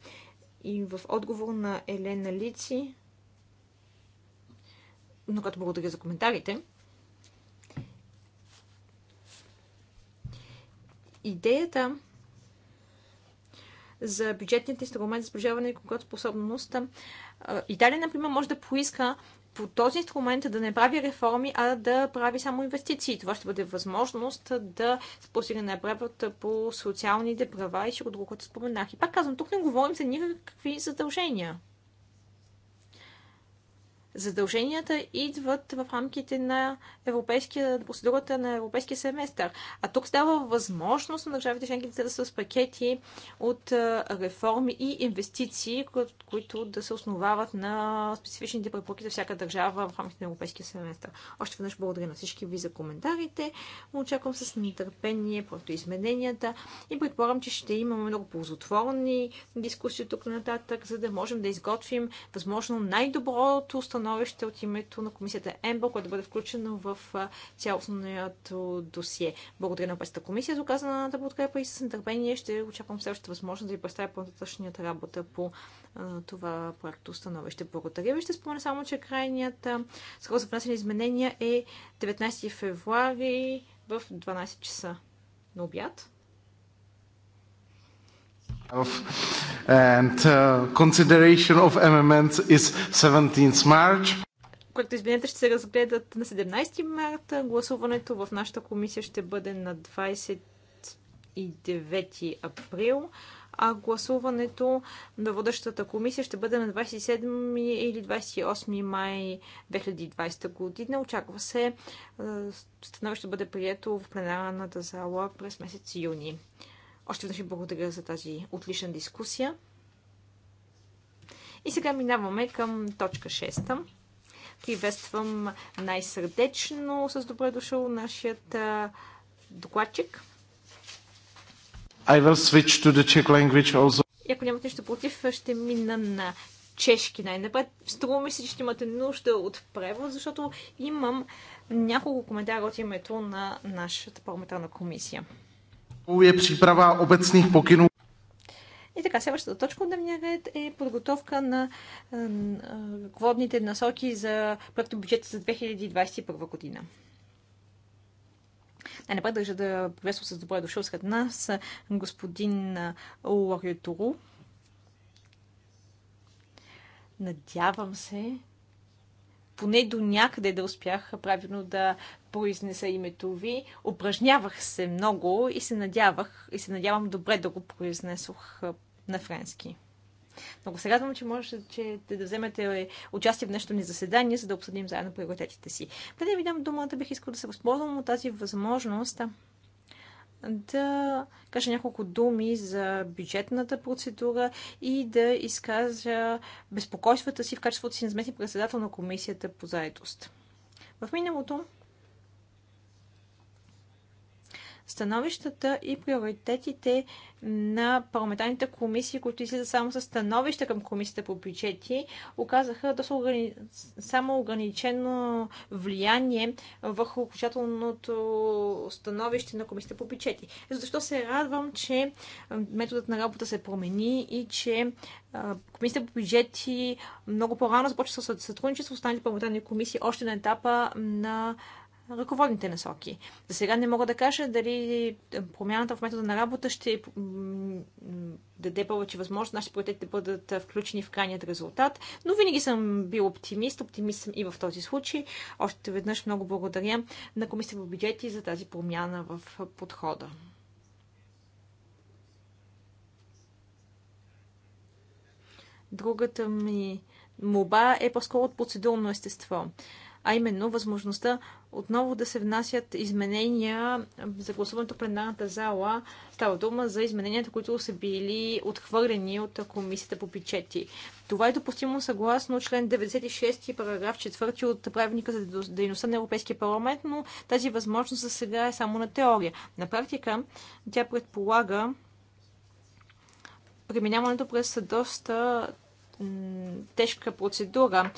И в отговор на Елена Лици, но като благодаря за коментарите, идеята за бюджетният инструмент за сближаване и конкурентоспособност. Италия, например, може да поиска по този инструмент да не прави реформи, а да прави само инвестиции. Това ще бъде възможност да спосига напредът по социалните права и всичко друго, което споменах. И пак казвам, тук не говорим за никакви задължения задълженията идват в рамките на европейския, процедурата на европейския семестър. А тук става възможност на държавите членки да са с пакети от реформи и инвестиции, които да се основават на специфичните препоръки за всяка държава в рамките на европейския семестър. Още веднъж благодаря на всички ви за коментарите. Очаквам с нетърпение просто измененията и предполагам, че ще имаме много ползотворни дискусии тук нататък, за да можем да изготвим възможно най-доброто установление становище от името на комисията ЕМБО, което бъде включено в цялостното досие. Благодаря на Пъстата комисия за оказаната подкрепа и с нетърпение ще очаквам следващата възможност да ви представя по-нататъчният работа по това проекто становище. Благодаря ви. Ще спомена само, че крайният срок за внасяне изменения е 19 февруари в 12 часа на обяд. Of, and uh, consideration of amendments is 17th March. ще се разгледат на 17 марта. Гласуването в нашата комисия ще бъде на 29 април а гласуването на водещата комисия ще бъде на 27 или 28 май 2020 година. Очаква се е, становище бъде прието в пленарната зала през месец юни. Още веднъж ви благодаря за тази отлична дискусия. И сега минаваме към точка 6. Приветствам най-сърдечно с добре дошъл нашият докладчик. I will switch to the Czech language also. И ако нямате нищо против, ще мина на чешки най-напред. Струва ми се, че ще имате нужда от превод, защото имам няколко коментара от името на нашата парламентарна комисия. Е приправа обецних покинов. И така, следващата точка от дневния ред е подготовка на водните насоки за проекта бюджет за 2021 година. Най-напред държа да приветствам с добре дошъл сред нас господин Лорио Туру. Надявам се, поне до някъде да успях правилно да произнеса името ви. Упражнявах се много и се надявах и се надявам добре да го произнесох на френски. Много се радвам, че можете че, да вземете е, участие в нещо ни заседание, за да обсъдим заедно приоритетите си. Преди да ви дам думата, бих искал да се възползвам от тази възможност да кажа няколко думи за бюджетната процедура и да изкажа безпокойствата си в качеството си на заместник председател на комисията по заедост. В миналото становищата и приоритетите на парламентарните комисии, които излизат само с становища към комисията по бюджети, оказаха доста ограни... само ограничено влияние върху окончателното становище на комисията по бюджети. Защо се радвам, че методът на работа се промени и че комисията по бюджети много по-рано започва с сътрудничество с останалите парламентарни комисии още на етапа на ръководните насоки. За сега не мога да кажа дали промяната в метода на работа ще даде повече възможност нашите приоритети да бъдат включени в крайният резултат, но винаги съм бил оптимист, оптимист съм и в този случай. Още веднъж много благодаря на Комисията по бюджети за тази промяна в подхода. Другата ми моба е по-скоро от процедурно естество, а именно възможността отново да се внасят изменения за гласуването в пленарната зала. Става дума за измененията, които са били отхвърлени от комисията по бюджети. Това е допустимо съгласно член 96 параграф 4 от правилника за дейността на Европейския парламент, но тази възможност за сега е само на теория. На практика тя предполага преминаването през доста тежка процедура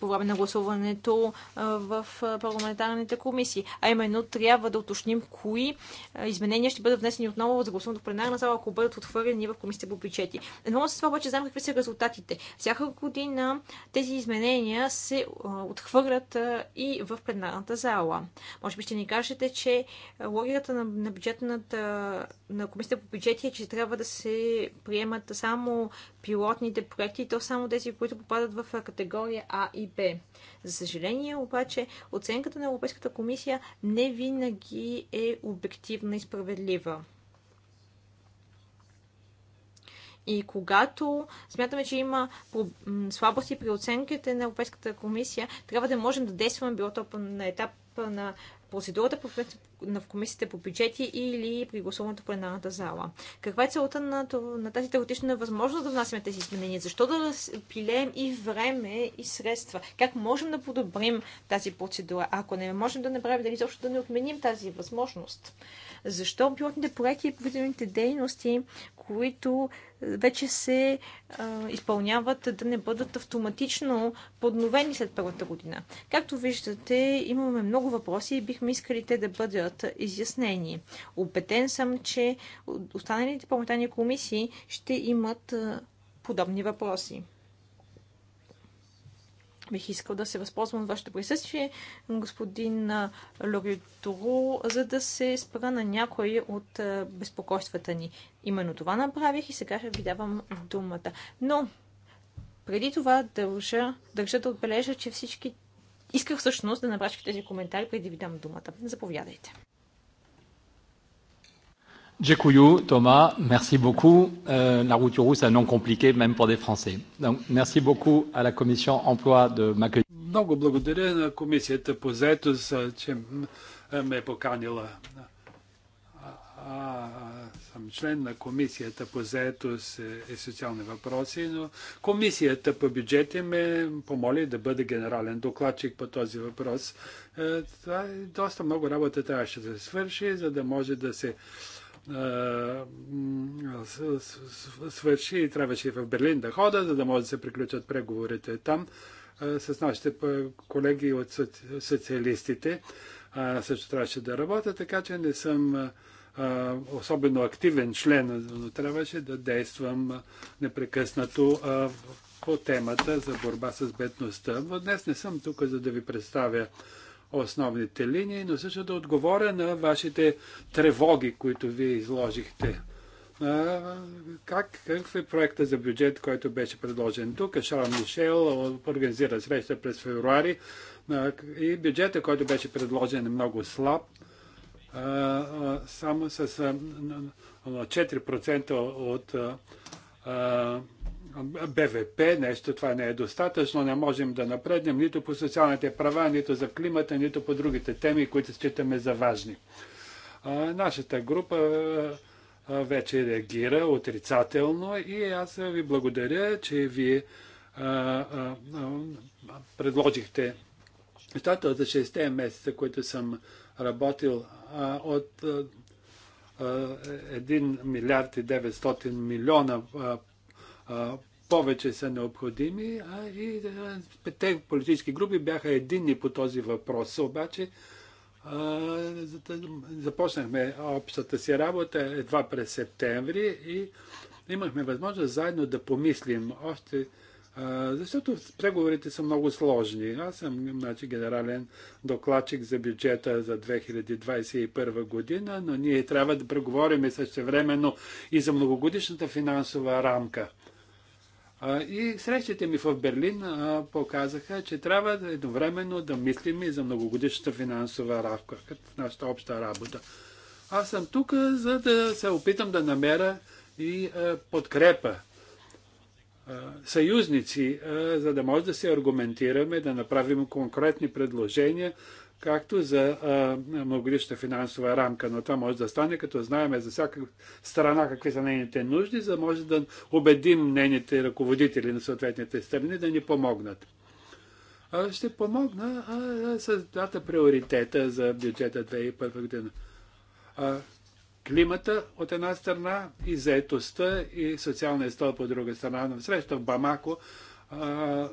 по време на гласуването в парламентарните комисии. А именно трябва да уточним кои изменения ще бъдат внесени отново за гласуването в пленарна зала, ако бъдат отхвърлени в комисията по бюджети. Едно с това обаче знам какви са резултатите. Всяка година тези изменения се отхвърлят и в пленарната зала. Може би ще ни кажете, че логиката на бюджетната на комисията по бюджети е, че трябва да се приемат само пилотните проекти, и то само тези, които попадат в категория А и Б. За съжаление, обаче, оценката на Европейската комисия не винаги е обективна и справедлива. И когато смятаме, че има слабости при оценките на Европейската комисия, трябва да можем да действаме било то на етап на процедурата на в комисията по бюджети или при гласуването в пленарната зала. Каква е целта на, на тази теоретична възможност да внасяме тези изменения? Защо да пилеем и време, и средства? Как можем да подобрим тази процедура? Ако не можем да направим, дали изобщо да не отменим тази възможност? Защо пилотните проекти и предвидените дейности, които вече се а, изпълняват да не бъдат автоматично подновени след първата година. Както виждате, имаме много въпроси и бих бихме искали те да бъдат изяснени. Обетен съм, че останалите парламентарни комисии ще имат подобни въпроси. Бих искал да се възползвам от вашето присъствие, господин Лоритору, за да се спра на някои от безпокойствата ни. Именно това направих и сега ви давам думата. Но преди това държа, държа да отбележа, че всички Исках всъщност да набрачка тези коментари преди ви дам думата. Заповядайте. Dziękuję Thomas, merci beaucoup. Euh, la route euro, c'est un nom compliqué même pour des Français. Donc merci beaucoup à la commission emploi de m'accueillir. Много благодаря на комисията по заетост, че ме е поканила а, съм член на комисията по заетост и социални въпроси, но комисията по бюджети ме помоли да бъде генерален докладчик по този въпрос. Е, това е доста много работа трябваше да се свърши, за да може да се е, свърши и трябваше в Берлин да хода, за да може да се приключат преговорите там е, с нашите колеги от социалистите. Също трябваше да работя, така че не съм особено активен член, но трябваше да действам непрекъснато по темата за борба с бедността. Но днес не съм тук, за да ви представя основните линии, но също да отговоря на вашите тревоги, които вие изложихте. как, какъв е проекта за бюджет, който беше предложен тук? Шарл Мишел организира среща през февруари и бюджета, който беше предложен е много слаб само с 4% от БВП, нещо това не е достатъчно, не можем да напреднем нито по социалните права, нито за климата, нито по другите теми, които считаме за важни. Нашата група вече реагира отрицателно и аз ви благодаря, че ви предложихте нещата за 6 месеца, които съм работил от 1 милиард и 900 милиона повече са необходими, а и петте политически групи бяха единни по този въпрос. Обаче започнахме общата си работа едва през септември и имахме възможност заедно да помислим още защото преговорите са много сложни. Аз съм значи, генерален докладчик за бюджета за 2021 година, но ние трябва да преговорим същевременно и за многогодишната финансова рамка. И срещите ми в Берлин показаха, че трябва едновременно да мислим и за многогодишната финансова рамка, като нашата обща работа. Аз съм тук, за да се опитам да намеря и подкрепа съюзници, за да може да се аргументираме, да направим конкретни предложения, както за многогодишна финансова рамка. Но това може да стане, като знаеме за всяка страна какви са нейните нужди, за да може да убедим нейните ръководители на съответните страни да ни помогнат. ще помогна с двата приоритета за бюджета 2001 година климата от една страна и заетостта и социалния стълб от друга страна. На среща в Бамако а, а,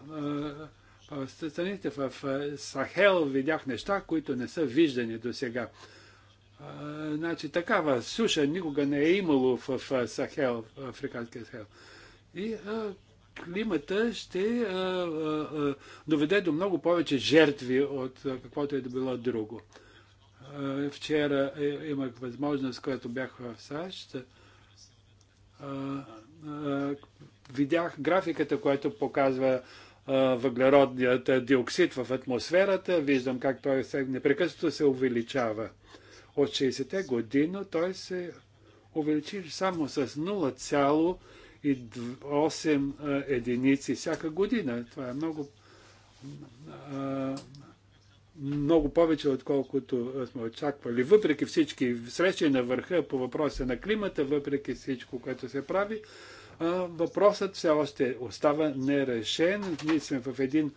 страните в Сахел видях неща, които не са виждани до сега. Значи такава суша никога не е имало в, в Сахел, в Африканския Сахел. И а, климата ще а, а, доведе до много повече жертви от каквото е да било друго. Е, вчера е, имах възможност, която бях в САЩ. Е, видях графиката, която показва въглеродният диоксид в атмосферата. Виждам как той непрекъснато се увеличава. От 60-те години той се увеличи само с 0,8 единици всяка година. Това е много много повече, отколкото сме очаквали. Въпреки всички срещи на върха по въпроса на климата, въпреки всичко, което се прави, въпросът все още остава нерешен. Ние сме в един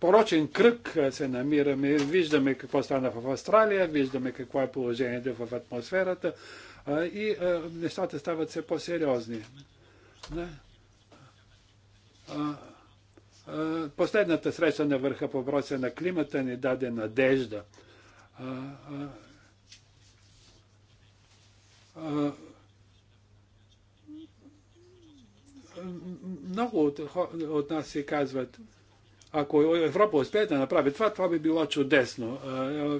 порочен кръг се намираме. Виждаме какво стана в Австралия, виждаме какво е положението в атмосферата и нещата стават все по-сериозни. Последната среща на върха по въпроса на климата ни даде надежда. Много от, от нас си казват, ако Европа успее да направи това, това би било чудесно.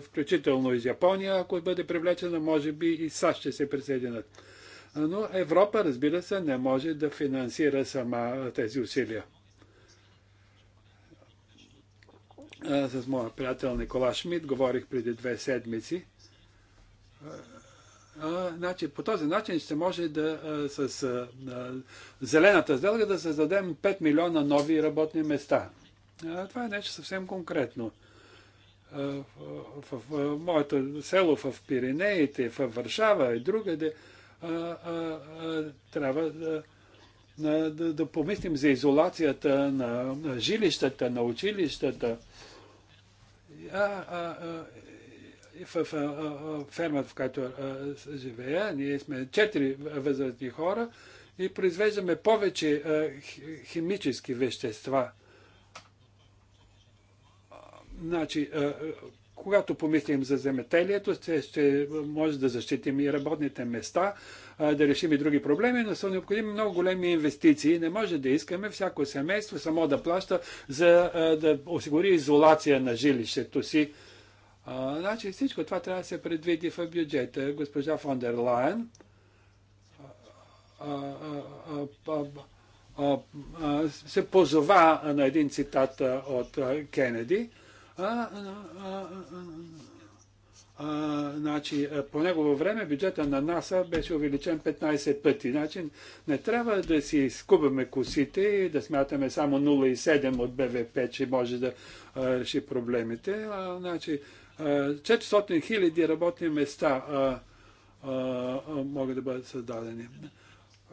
Включително и Япония, ако бъде привлечена, може би и САЩ ще се присъединят. Но Европа, разбира се, не може да финансира сама тези усилия. а, с моя приятел Никола Шмидт, говорих преди две седмици. А, значи, по този начин ще може да а, с а, зелената сделка да създадем 5 милиона нови работни места. А, това е нещо съвсем конкретно. А, в, в, в, в моето село в Пиренеите, в Варшава и другаде а, а, а, трябва да, да, да помислим за изолацията на жилищата, на училищата в фермата, в която живея, ние сме четири възрастни хора и произвеждаме повече химически вещества. Значи, когато помислим за земетелието, ще, ще може да защитим и работните места, да решим и други проблеми, но са необходими много големи инвестиции. Не може да искаме всяко семейство само да плаща, за да осигури изолация на жилището си. А, значи всичко това трябва да се предвиди в бюджета. Госпожа фон дер Лайен се позова на един цитат от Кеннеди значи, е, по негово време бюджета на НАСА беше увеличен 15 пъти. Значи, не трябва да си скубаме косите и да смятаме само 0,7 от БВП, че може да а, реши проблемите. А, значи, а, 400 000 работни места а, а, а, могат да бъдат създадени.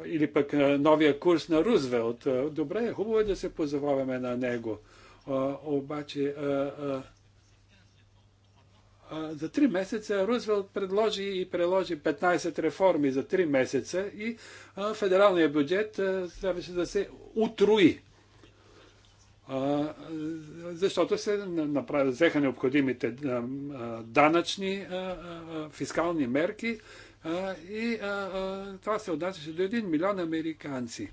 Или пък а, новия курс на Рузвелт. Добре, хубаво е да се позоваваме на него. А, обаче, а, а, за 3 месеца Рузвелт предложи и преложи 15 реформи за три месеца и федералният бюджет трябваше да се утруи. Защото се направи, взеха необходимите данъчни фискални мерки и това се отнасяше до 1 милион американци.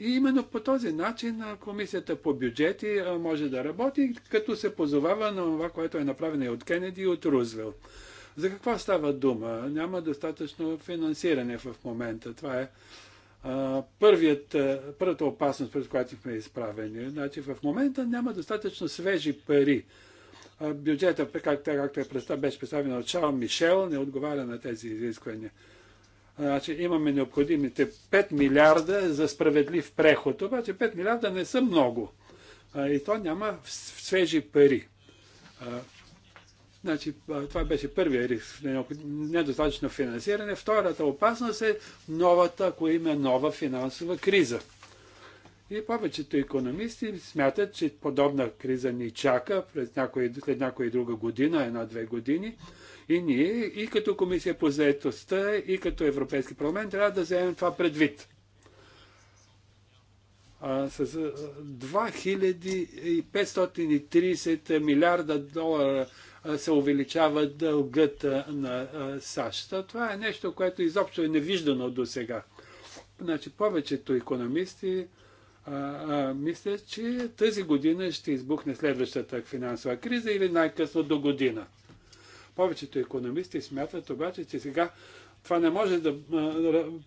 И именно по този начин комисията по бюджети може да работи, като се позовава на това, което е направено и от Кенеди и от Рузвел. За какво става дума? Няма достатъчно финансиране в момента. Това е първият, първата опасност, пред която сме изправени. Значи в момента няма достатъчно свежи пари. бюджета, както, е беше представен от Шал Мишел, не отговаря на тези изисквания. Значи имаме необходимите 5 милиарда за справедлив преход. Обаче 5 милиарда не са много. И то няма свежи пари. Значи, това беше първия риск. Недостатъчно финансиране. Втората опасност е новата, ако има нова финансова криза. И повечето економисти смятат, че подобна криза ни чака през някои, след някоя друга година, една-две години. И ние, и като Комисия по заедостта, и като Европейски парламент, трябва да вземем това предвид. А, с 2530 милиарда долара се увеличава дългът на САЩ. Това е нещо, което изобщо е невиждано до сега. Значи, повечето економисти а, а, мислят, че тази година ще избухне следващата финансова криза или най-късно до година. Повечето економисти смятат обаче, че сега това не може да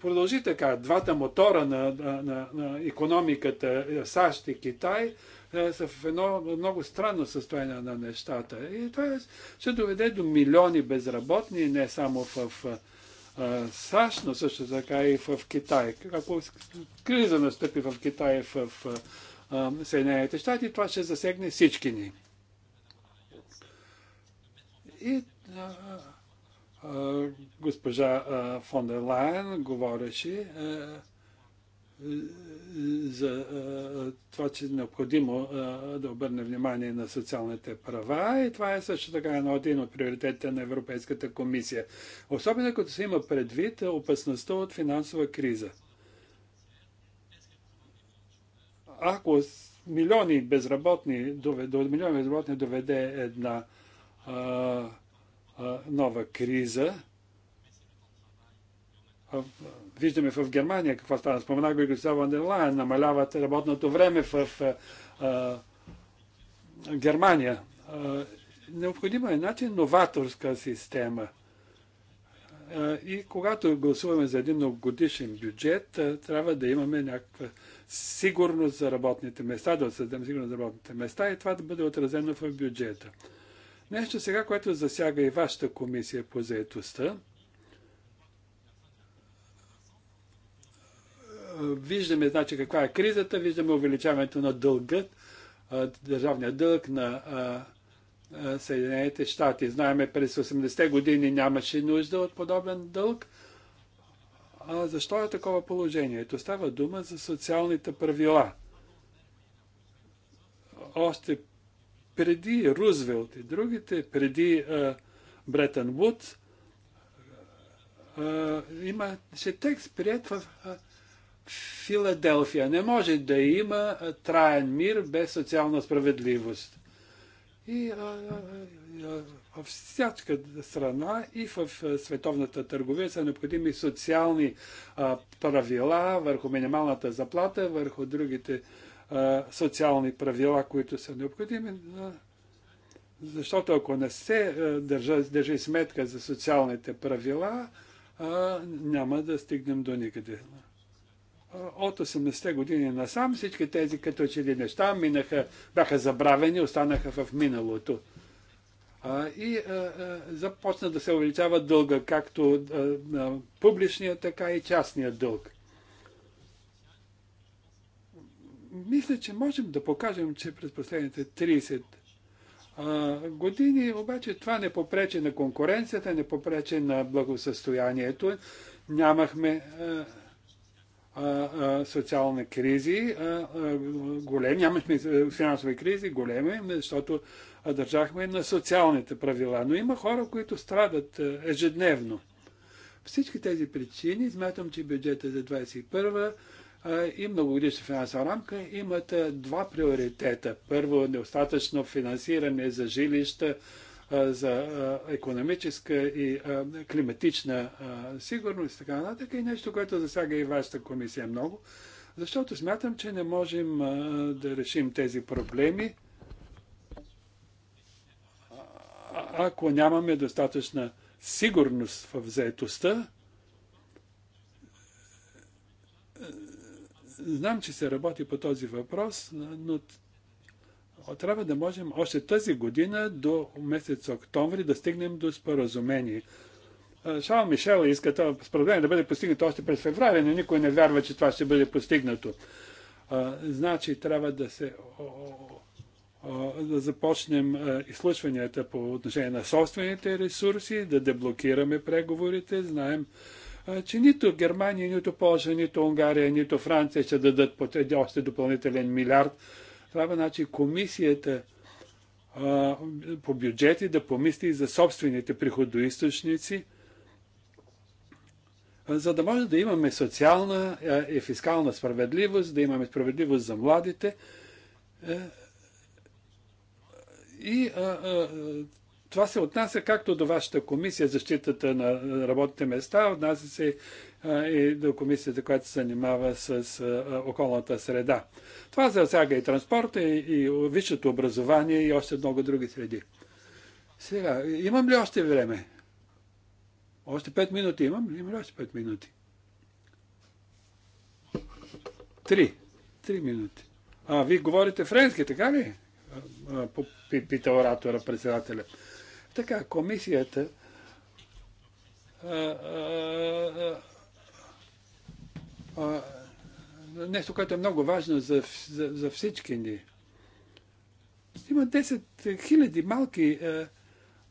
продължи така. Двата мотора на, на, на економиката, е, САЩ и Китай, е, са в едно много странно състояние на нещата. И това е, ще доведе до милиони безработни, не само в САЩ, но също така и в Китай. Ако криза настъпи в Китай, в Съединените щати, това ще засегне всички ни. И госпожа фон дер Лайен говореше за това, че е необходимо да обърне внимание на социалните права и това е също така едно един от приоритетите на Европейската комисия. Особено като се има предвид опасността от финансова криза. Ако милиони безработни, до милиони безработни доведе една а, нова криза. Виждаме в Германия какво стана. Спомена го и госпожа Вандерлайн. Намаляват работното време в Германия. Необходима е начин новаторска система. И когато гласуваме за един годишен бюджет, трябва да имаме някаква сигурност за работните места, да създадем сигурност за работните места и това да бъде отразено в бюджета. Нещо сега, което засяга и вашата комисия по заетостта. Виждаме, значи, каква е кризата, виждаме увеличаването на дългът, държавния дълг на Съединените щати. Знаеме, през 80-те години нямаше нужда от подобен дълг. А защо е такова положението? Става дума за социалните правила. Още преди Рузвелт и другите, преди Бретън Вудс, имаше текст прият в Филаделфия. Не може да има траен мир без социална справедливост. И в всяка страна и в световната търговия са необходими социални правила върху минималната заплата, върху другите социални правила, които са необходими, защото ако не се държа, държи сметка за социалните правила, няма да стигнем до никъде. От 80-те години насам всички тези като че ли неща минаха, бяха забравени, останаха в миналото. А, и а, а, започна да се увеличава дълга, както а, а, публичния, така и частния дълг. Мисля, че можем да покажем, че през последните 30 а, години обаче това не попрече на конкуренцията, не попрече на благосъстоянието. Нямахме а, а, социални кризи, големи, нямахме финансови кризи, големи, защото държахме на социалните правила. Но има хора, които страдат ежедневно. Всички тези причини, смятам, че бюджета за 2021 и многогодишна финансова рамка имат два приоритета. Първо, недостатъчно финансиране за жилища, за економическа и климатична сигурност и така нататък. И нещо, което засяга и вашата комисия много, защото смятам, че не можем да решим тези проблеми, ако нямаме достатъчна сигурност в заетостта, Знам, че се работи по този въпрос, но трябва да можем още тази година до месец октомври да стигнем до споразумение. Шал Мишел иска това споразумение да бъде постигнато още през феврари, но никой не вярва, че това ще бъде постигнато. значи трябва да се да започнем изслушванията по отношение на собствените ресурси, да деблокираме преговорите. Знаем, че нито Германия, нито Польша, нито Унгария, нито Франция ще дадат под още допълнителен милиард. Трябва, значи, комисията а, по бюджети да помисли и за собствените приходоисточници, за да може да имаме социална и фискална справедливост, да имаме справедливост за младите. И а, а, това се отнася както до вашата комисия защитата на работните места, отнася се и до комисията, която се занимава с околната среда. Това засяга и транспорта, и, и висшето образование, и още много други среди. Сега, имам ли още време? Още 5 минути имам? Имам ли още 5 минути? Три. Три минути. А, вие говорите френски, така ли? Пита оратора, председателя. Така, комисията а, а, а, нещо, което е много важно за, за, за всички ни. Има 10 хиляди малки,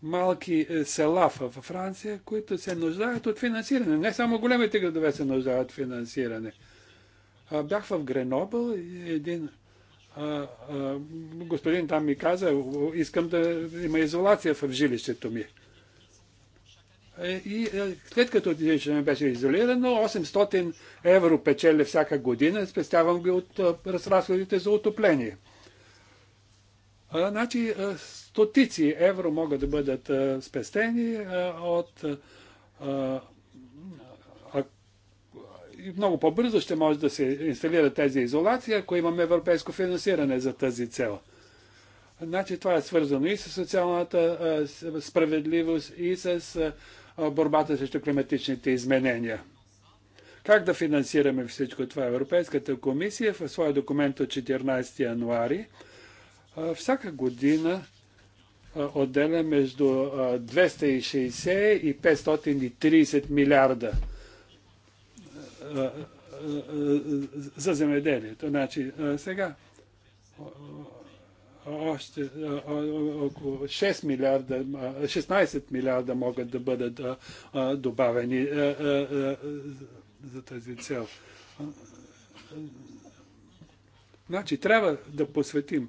малки села във Франция, които се нуждаят от финансиране. Не само големите градове се нуждаят от финансиране. Бях в Гренобъл и един господин там ми каза, искам да има изолация в жилището ми. Е, и е, след като жилището ми беше изолирано, 800 евро печеля всяка година, спестявам ги от разходите за отопление. Значи, стотици евро могат да бъдат спестени от много по-бързо ще може да се инсталира тази изолация, ако имаме европейско финансиране за тази цел. Значи това е свързано и с социалната а, справедливост, и с а, борбата срещу климатичните изменения. Как да финансираме всичко това? Европейската комисия в своя документ от 14 януари а, всяка година отделя между 260 и 530 милиарда за земеделието. Значи, сега още около 6 милиарда, 16 милиарда могат да бъдат добавени за тази цел. Значи, трябва да посветим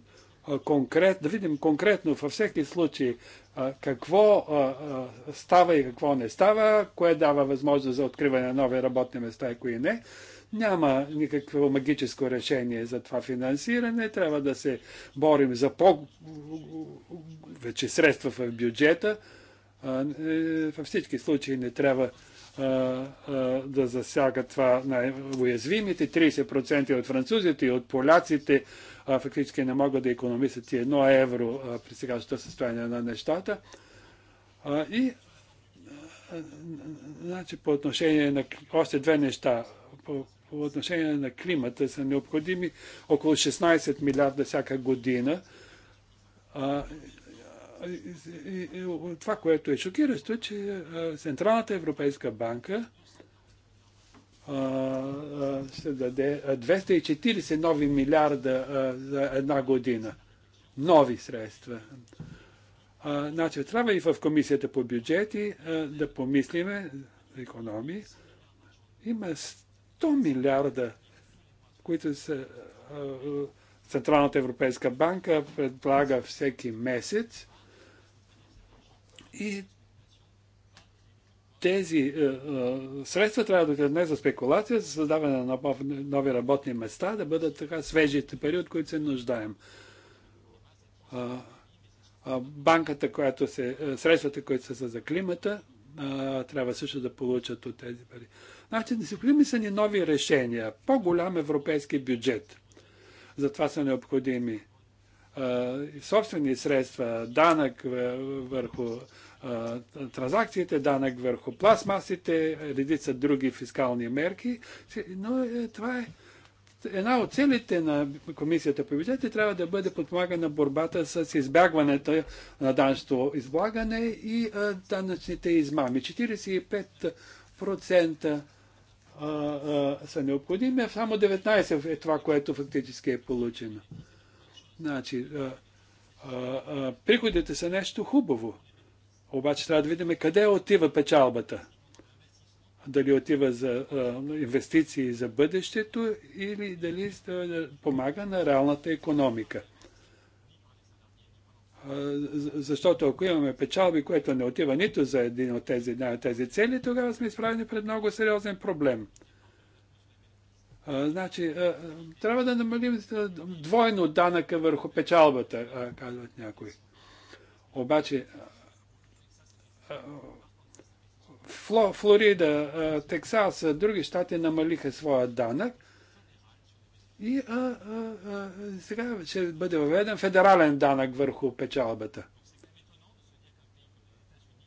конкрет, да видим конкретно във всеки случай какво става и какво не става, кое дава възможност за откриване на нови работни места и кои не. Няма никакво магическо решение за това финансиране. Трябва да се борим за по... вече средства в бюджета. Е, във всички случаи не трябва да засяга това най-уязвимите. 30% от французите и от поляците фактически не могат да економисат и едно евро при сегашното състояние на нещата. и значи, по отношение на още две неща. По, по отношение на климата са необходими около 16 милиарда всяка година. и, и, и, това, което е шокиращо, е, че Централната европейска банка ще даде 240 нови милиарда за една година. Нови средства. Значи, трябва и в комисията по бюджети да помислиме за економии. Има 100 милиарда, които са Централната европейска банка предлага всеки месец. И тези е, е, средства трябва да отидат не за спекулация, за създаване на нов, нови работни места, да бъдат така свежите пари, от които се нуждаем. А, а банката, която се, е, средствата, които са за климата, а, трябва също да получат от тези пари. Значи, необходими са ни нови решения, по-голям европейски бюджет. За това са необходими а, собствени средства, данък е, върху транзакциите, данък върху пластмасите, редица други фискални мерки. Но е, това е една от целите на Комисията по бюджет трябва да бъде подпомагана борбата с избягването на данъчното излагане и данъчните измами. 45% са необходими, а само 19% е това, което фактически е получено. Значи, приходите са нещо хубаво. Обаче трябва да видим къде отива печалбата. Дали отива за инвестиции за бъдещето или дали помага на реалната економика. Защото ако имаме печалби, което не отива нито за един от тези, една от тези цели, тогава сме изправени пред много сериозен проблем. Значи, трябва да намалим двойно данъка върху печалбата, казват някои. Обаче, Флорида, Тексас, други щати намалиха своя данък. И а, а, а, сега ще бъде въведен федерален данък върху печалбата.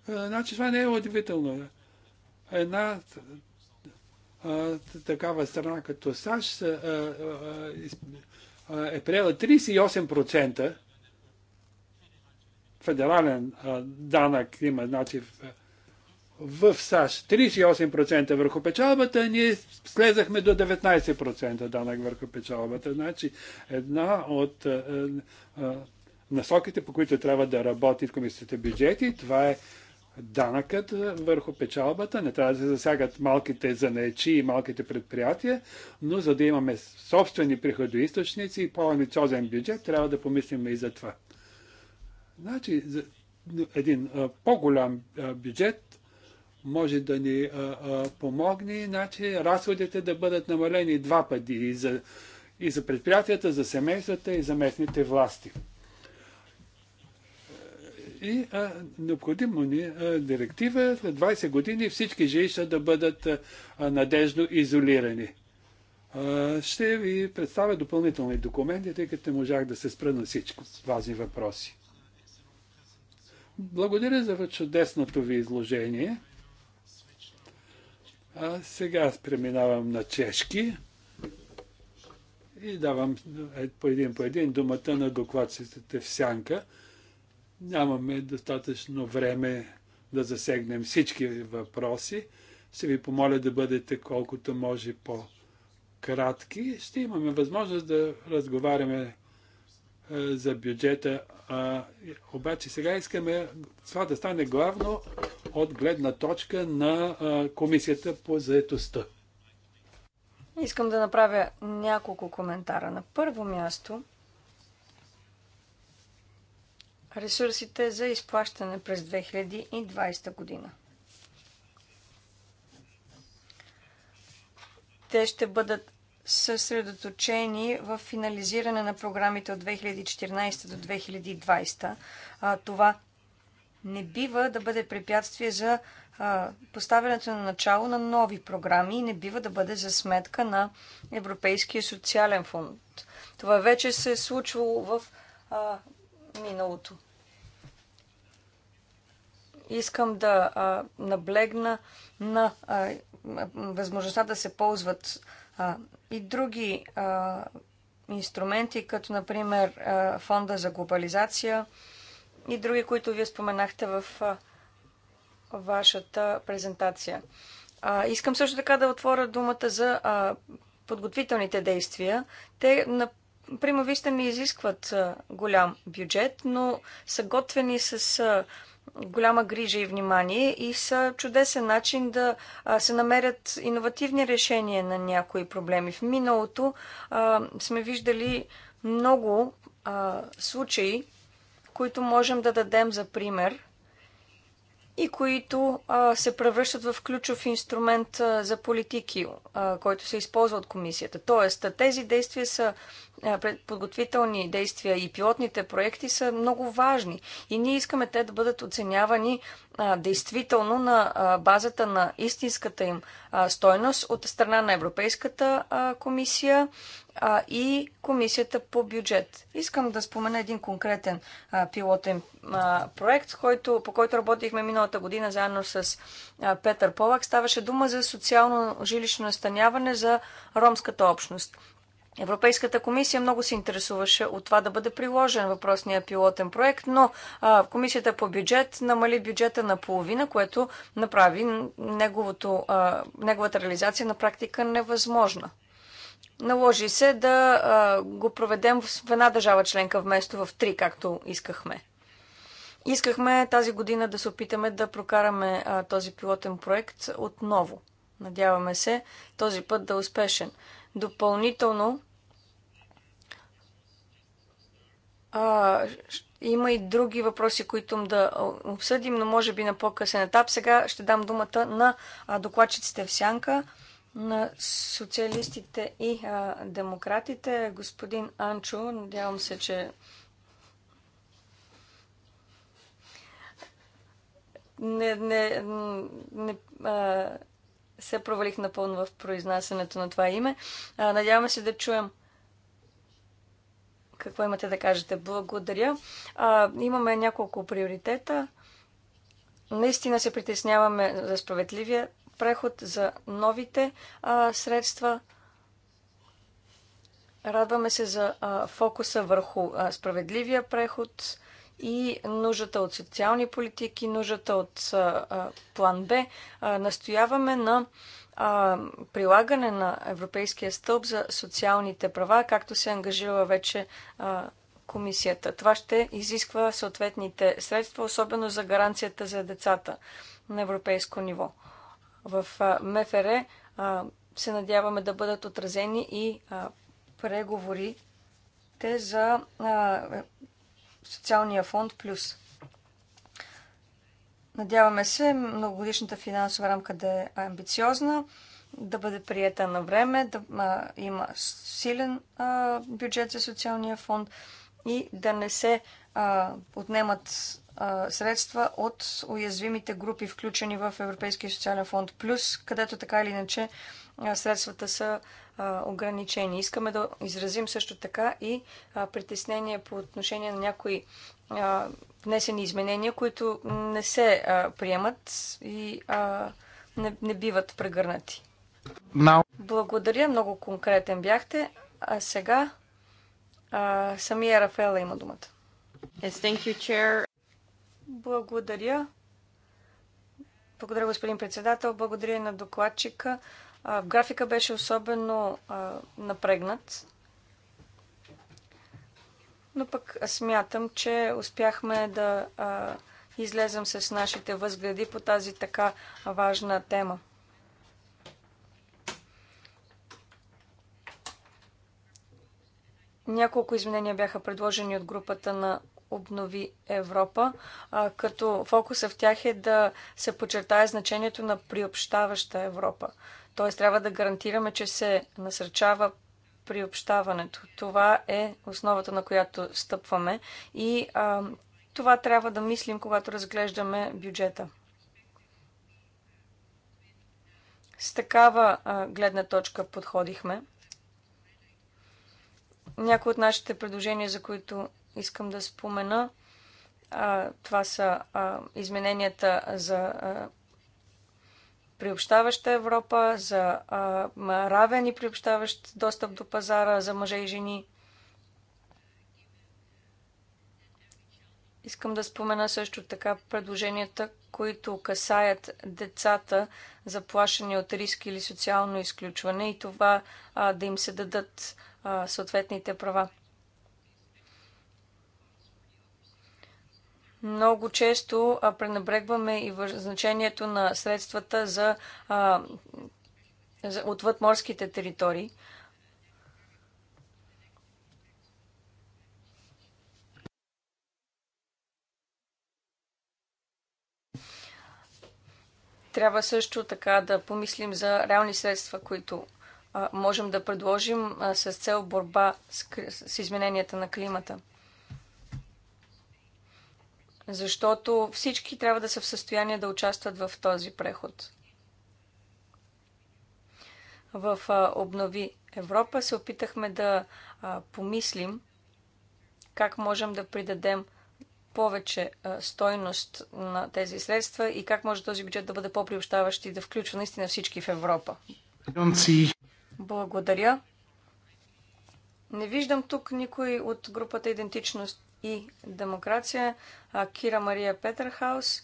А, значи това не е удивително. Една а, такава страна като САЩ а, а, а, е приела 38% федерален данък има, значи в, в САЩ 38% върху печалбата, ние слезахме до 19% данък върху печалбата. Значи една от а, а, насоките, по които трябва да работи в комисията бюджети, това е данъкът върху печалбата. Не трябва да се засягат малките занечи и малките предприятия, но за да имаме собствени приходоисточници и по-амбициозен бюджет, трябва да помислим и за това. Значи, един по-голям бюджет може да ни помогне, значи, разходите да бъдат намалени два пъти и за, и за предприятията, за семействата и за местните власти. И а, необходимо ни а, директива 20 години всички жилища да бъдат а, надежно изолирани. А, ще ви представя допълнителни документи, тъй като не можах да се спра на всичко с важни въпроси. Благодаря за чудесното ви изложение. А сега аз преминавам на чешки и давам е, по един по един думата на докладчиците в сянка. Нямаме достатъчно време да засегнем всички въпроси. Ще ви помоля да бъдете колкото може по-кратки. Ще имаме възможност да разговаряме е, за бюджета. А, обаче сега искаме това да стане главно от гледна точка на а, комисията по заетостта. Искам да направя няколко коментара. На първо място, ресурсите за изплащане през 2020 година. Те ще бъдат съсредоточени в финализиране на програмите от 2014 до 2020. А, това не бива да бъде препятствие за а, поставянето на начало на нови програми и не бива да бъде за сметка на Европейския социален фонд. Това вече се е случвало в а, миналото. Искам да а, наблегна на а, възможността да се ползват и други инструменти, като например Фонда за глобализация и други, които вие споменахте в вашата презентация. Искам също така да отворя думата за подготвителните действия. Те на Примависта не изискват голям бюджет, но са готвени с голяма грижа и внимание и са чудесен начин да се намерят иновативни решения на някои проблеми. В миналото сме виждали много случаи, които можем да дадем за пример и които а, се превръщат в ключов инструмент а, за политики, а, който се използва от комисията. Тоест, тези действия са а, подготвителни действия и пилотните проекти са много важни. И ние искаме те да бъдат оценявани а, действително на а, базата на истинската им а, стойност от страна на Европейската а, комисия а, и Комисията по бюджет. Искам да спомена един конкретен а, пилотен а, проект, който, по който работихме миналата година заедно с а, Петър Полак. Ставаше дума за социално жилищно настаняване за ромската общност. Европейската комисия много се интересуваше от това да бъде приложен въпросния пилотен проект, но а, комисията по бюджет намали бюджета на половина, което направи неговото, а, неговата реализация на практика невъзможна. Наложи се да а, го проведем в една държава членка вместо в три, както искахме. Искахме тази година да се опитаме да прокараме а, този пилотен проект отново. Надяваме се този път да е успешен. Допълнително А, има и други въпроси, които да обсъдим, но може би на по-късен етап. Сега ще дам думата на докладчиците в Сянка, на социалистите и а, демократите. Господин Анчо, надявам се, че не, не, не а, се провалих напълно в произнасянето на това име. А, надяваме се да чуем какво имате да кажете. Благодаря. А, имаме няколко приоритета. Наистина се притесняваме за справедливия преход, за новите а, средства. Радваме се за а, фокуса върху а, справедливия преход и нуждата от социални политики, нуждата от план Б. Настояваме на прилагане на Европейския стълб за социалните права, както се ангажира вече комисията. Това ще изисква съответните средства, особено за гаранцията за децата на европейско ниво. В МФР се надяваме да бъдат отразени и преговорите за социалния фонд плюс. Надяваме се многогодишната финансова рамка да е амбициозна, да бъде приета на време, да а, има силен а, бюджет за социалния фонд и да не се а, отнемат а, средства от уязвимите групи, включени в Европейския социален фонд плюс, където така или иначе а, средствата са ограничени. Искаме да изразим също така и притеснение по отношение на някои внесени изменения, които не се приемат и не, не биват прегърнати. Благодаря, много конкретен бяхте. А сега а, самия Рафаела има думата. Yes, thank you, chair. Благодаря. Благодаря, господин председател. Благодаря на докладчика. В графика беше особено напрегнат, но пък смятам, че успяхме да излезем с нашите възгледи по тази така важна тема. Няколко изменения бяха предложени от групата на Обнови Европа, като фокуса в тях е да се подчертае значението на приобщаваща Европа. Т.е. трябва да гарантираме, че се насърчава приобщаването. Това е основата, на която стъпваме и а, това трябва да мислим, когато разглеждаме бюджета. С такава а, гледна точка подходихме. Някои от нашите предложения, за които искам да спомена, а, това са а, измененията за а, приобщаваща Европа, за а, равен и приобщаващ достъп до пазара за мъже и жени. Искам да спомена също така предложенията, които касаят децата, заплашени от риск или социално изключване и това а, да им се дадат а, съответните права. много често пренебрегваме и значението на средствата за, а, за морските територии. Трябва също така да помислим за реални средства, които а, можем да предложим а, с цел борба с, с измененията на климата защото всички трябва да са в състояние да участват в този преход. В Обнови Европа се опитахме да помислим как можем да придадем повече стойност на тези средства и как може този бюджет да бъде по-приобщаващ и да включва наистина всички в Европа. Благодаря. Не виждам тук никой от групата идентичност и демокрация, а Кира Мария Петерхаус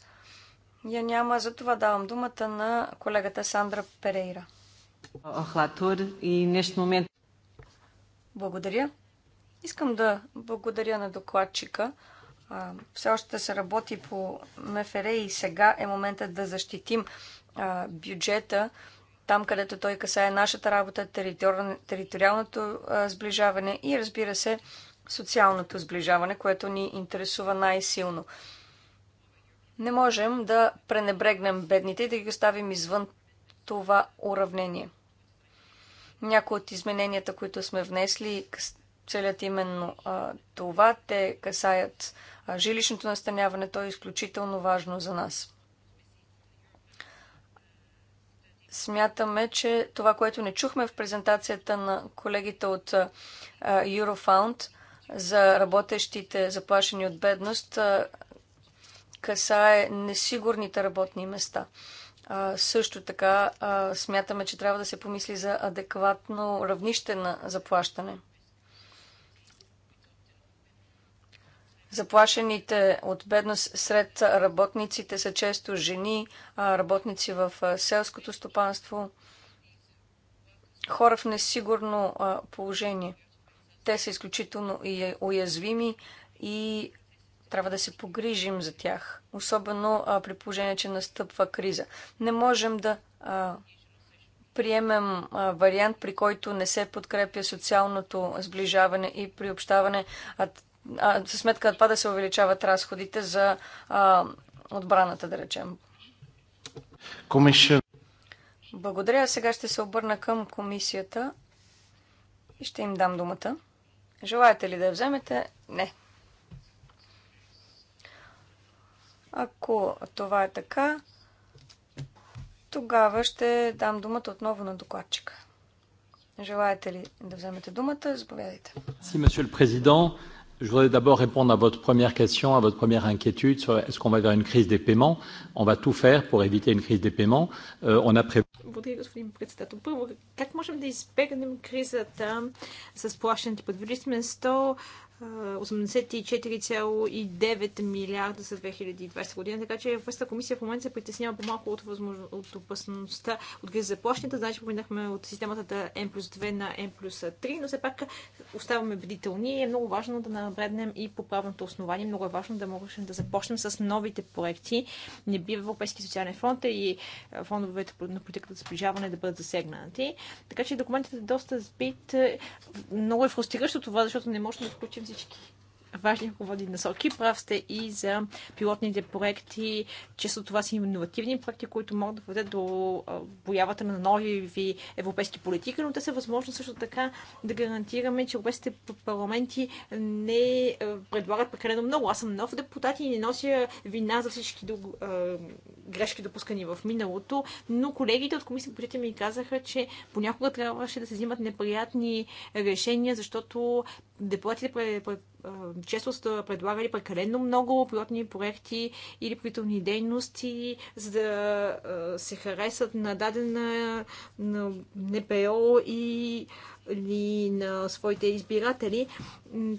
я няма. Затова давам думата на колегата Сандра Перейра. Благодаря. Искам да благодаря на докладчика. Все още се работи по МФР и сега е момента да защитим бюджета там, където той касае нашата работа, териториалното сближаване и разбира се, социалното сближаване, което ни интересува най-силно. Не можем да пренебрегнем бедните и да ги оставим извън това уравнение. Някои от измененията, които сме внесли, целят именно а, това. Те касаят а, жилищното настаняване. То е изключително важно за нас. Смятаме, че това, което не чухме в презентацията на колегите от Eurofound – за работещите заплашени от бедност касае несигурните работни места. А, също така а, смятаме, че трябва да се помисли за адекватно равнище на заплащане. Заплашените от бедност сред работниците са често жени, работници в селското стопанство, хора в несигурно положение – те са изключително е, уязвими и трябва да се погрижим за тях, особено а, при положение, че настъпва криза. Не можем да а, приемем а, вариант, при който не се подкрепя социалното сближаване и приобщаване, а, а със сметка на това да се увеличават разходите за а, отбраната, да речем. Комисия. Благодаря. Сега ще се обърна към комисията и ще им дам думата. Желаете ли да я вземете? Не. Ако това е така, тогава ще дам думата отново на докладчика. Желаете ли да вземете думата? Заповядайте. Си, месье президент. Je voudrais d'abord répondre à votre première question, à votre première inquiétude sur est-ce qu'on va vers une crise des paiements. On va tout faire pour éviter une crise des paiements. Euh, on a prévu благодаря, господин председател. Първо, как можем да избегнем кризата с плащането? под сме 100 84,9 милиарда за 2020 година, така че Европейската комисия в момента се притеснява по-малко от, възможно, от опасността от гриза за Значи поминахме от системата да N плюс 2 на N плюс 3, но все пак оставаме бдителни и е много важно да набреднем и по правното основание. Много е важно да можем да започнем с новите проекти. Не бива Европейски социален фонд и е, фондовете на политиката за сближаване да бъдат засегнати. Така че документът е доста сбит. Е, много е фрустриращо това, защото не можем да включим всички важни ръководни насоки. Прав сте и за пилотните проекти. Често това са иновативни проекти, които могат да водят до появата на нови ви европейски политики, но те са възможно също така да гарантираме, че европейските парламенти не предлагат прекалено много. Аз съм нов депутат и не нося вина за всички грешки допускани в миналото, но колегите от комисията бюджета ми казаха, че понякога трябваше да се взимат неприятни решения, защото депутатите често са предлагали прекалено много пилотни проекти или притомни дейности, за да се харесат на дадена на НПО и или на своите избиратели.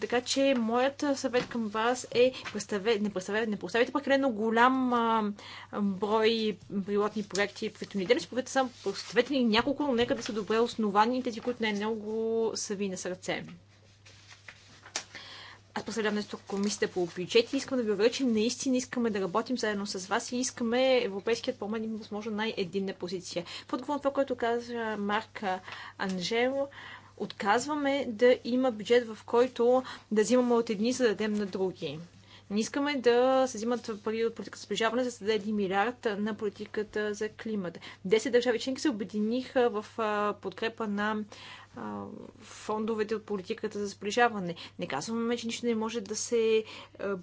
Така че моят съвет към вас е представе, не, представе, не поставите прекалено голям а, брой пилотни проекти в фитонидерни, според са поставете няколко, но нека да са добре основани тези, които най-много са ви на сърце аз представлявам днес тук комисията по бюджет и искам да ви уверя, че наистина искаме да работим заедно с вас и искаме Европейският парламент има възможно най-единна позиция. В отговор на това, което каза Марк Анжел, отказваме да има бюджет, в който да взимаме от едни, за да дадем на други. Не искаме да се взимат пари от политиката за сближаване, за да даде 1 милиард на политиката за климата. Десет държави членки се обединиха в подкрепа на фондовете от политиката за сближаване. Не казваме, че нищо не може да се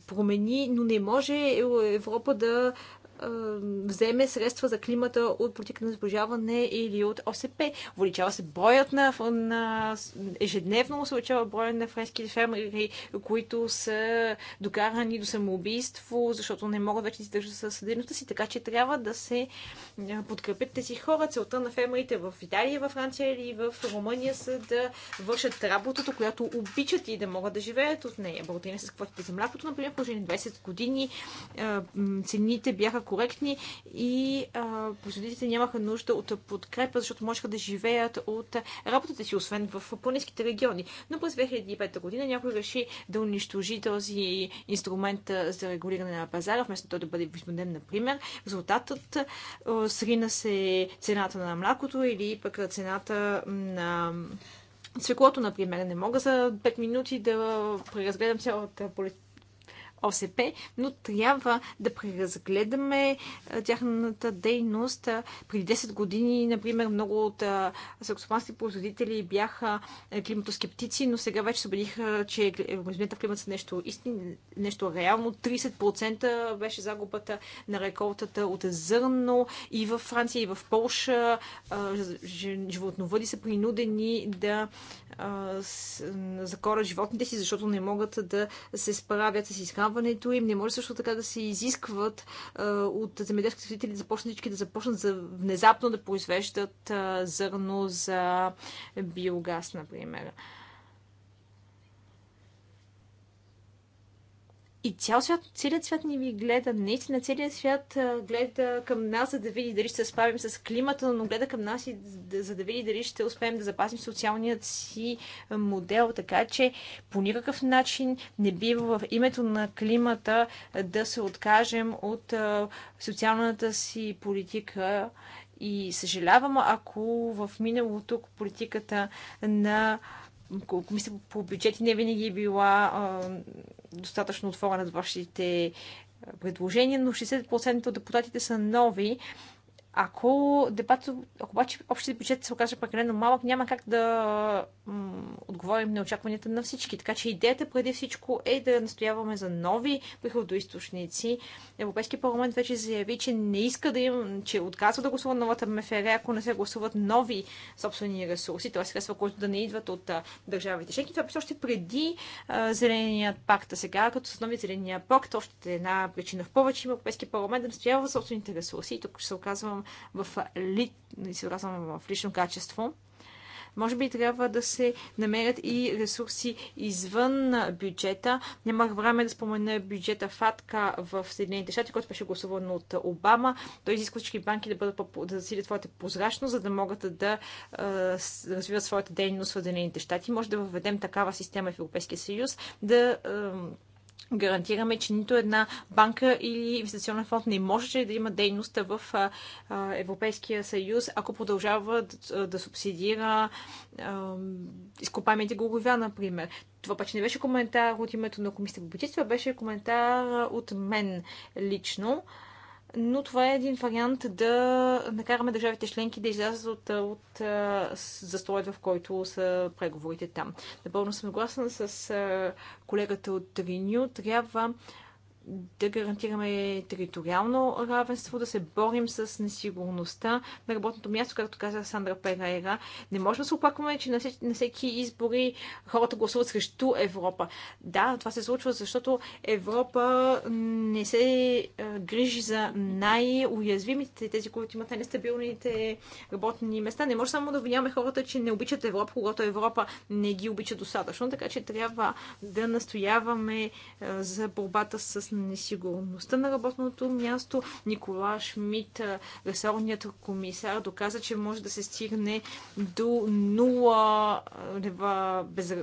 промени, но не може Европа да вземе средства за климата от политика на сближаване или от ОСП. Увеличава се броят на, на ежедневно се увеличава броя на френски фермери, които са докарани до самоубийство, защото не могат вече да издържат със съдебността си, така че трябва да се подкрепят тези хора. Целта на фермерите в Италия, във Франция или в Румъния са да вършат работата, която обичат и да могат да живеят от нея. Благодаря с квотите за млякото, например, в 20 години цените бяха коректни и производителите нямаха нужда от подкрепа, защото можеха да живеят от работата си, освен в планинските региони. Но през 2005 година някой реши да унищожи този инструмент за регулиране на пазара, вместо той да бъде възмоден, например. Резултатът срина се цената на млякото или пък цената на Свеклото, например, не мога за 5 минути да преразгледам цялата политика ОСП, но трябва да преразгледаме тяхната дейност. Преди 10 години, например, много от селскостопански производители бяха климатоскептици, но сега вече се убедиха, че измененията в климата са нещо истинно, нещо реално. 30% беше загубата на реколтата от зърно и в Франция, и в Полша животновъди са принудени да закорят животните си, защото не могат да се справят с изхранването познаването им. Не може също така да се изискват от земеделските свидетели да започнат всички да започнат за, внезапно да произвеждат зърно за биогаз, например. И цял свят, целият свят ни ви гледа, наистина целият свят гледа към нас, за да види дали ще се справим с климата, но гледа към нас и за да види дали ще успеем да запазим социалният си модел. Така че по никакъв начин не бива в името на климата да се откажем от социалната си политика. И съжалявам, ако в миналото политиката на мисля, по бюджети не винаги е била а, достатъчно отворена за вашите предложения, но 60% от депутатите са нови, ако, дебатът, ако обаче общият бюджет се окаже прекалено малък, няма как да отговорим на очакванията на всички. Така че идеята преди всичко е да настояваме за нови приходоисточници. Европейския парламент вече заяви, че не иска да им, че отказва да гласува новата МФР, ако не се гласуват нови собствени ресурси, т.е. средства, които да не идват от а, държавите. Шеки това беше още преди а, зеленият пакт. А сега, като с нови зеления пакт, още една причина в повече има Европейския парламент да настоява за собствените ресурси. И тук ще се оказвам в, ли... Нали, в лично качество. Може би трябва да се намерят и ресурси извън бюджета. Нямах време да спомена бюджета ФАТКА в Съединените щати, който беше гласуван от Обама. Той изисква всички банки да, бъдат, да засилят своята прозрачност, за да могат да е, развиват своята дейност в Съединените щати. Може да въведем такава система в Европейския съюз, да е, гарантираме, че нито една банка или инвестиционен фонд не може да има дейност в Европейския съюз, ако продължава да субсидира изкопаемите голубя, например. Това пък не беше коментар от името на комисията по бюджет, беше коментар от мен лично но това е един вариант да накараме държавите членки да излязат от, от застоят, в който са преговорите там. Напълно съм гласна с колегата от Виню. Трябва да гарантираме териториално равенство, да се борим с несигурността на работното място, както каза Сандра Перейра. Не можем да се оплакваме, че на всеки, на всеки избори хората гласуват срещу Европа. Да, това се случва, защото Европа не се е, грижи за най-уязвимите, тези, които имат най-нестабилните работни места. Не може само да обвиняваме хората, че не обичат Европа, когато Европа не ги обича достатъчно, така че трябва да настояваме е, за борбата с несигурността на работното място. Никола Шмидт, ресорният комисар, доказа, че може да се стигне до нула без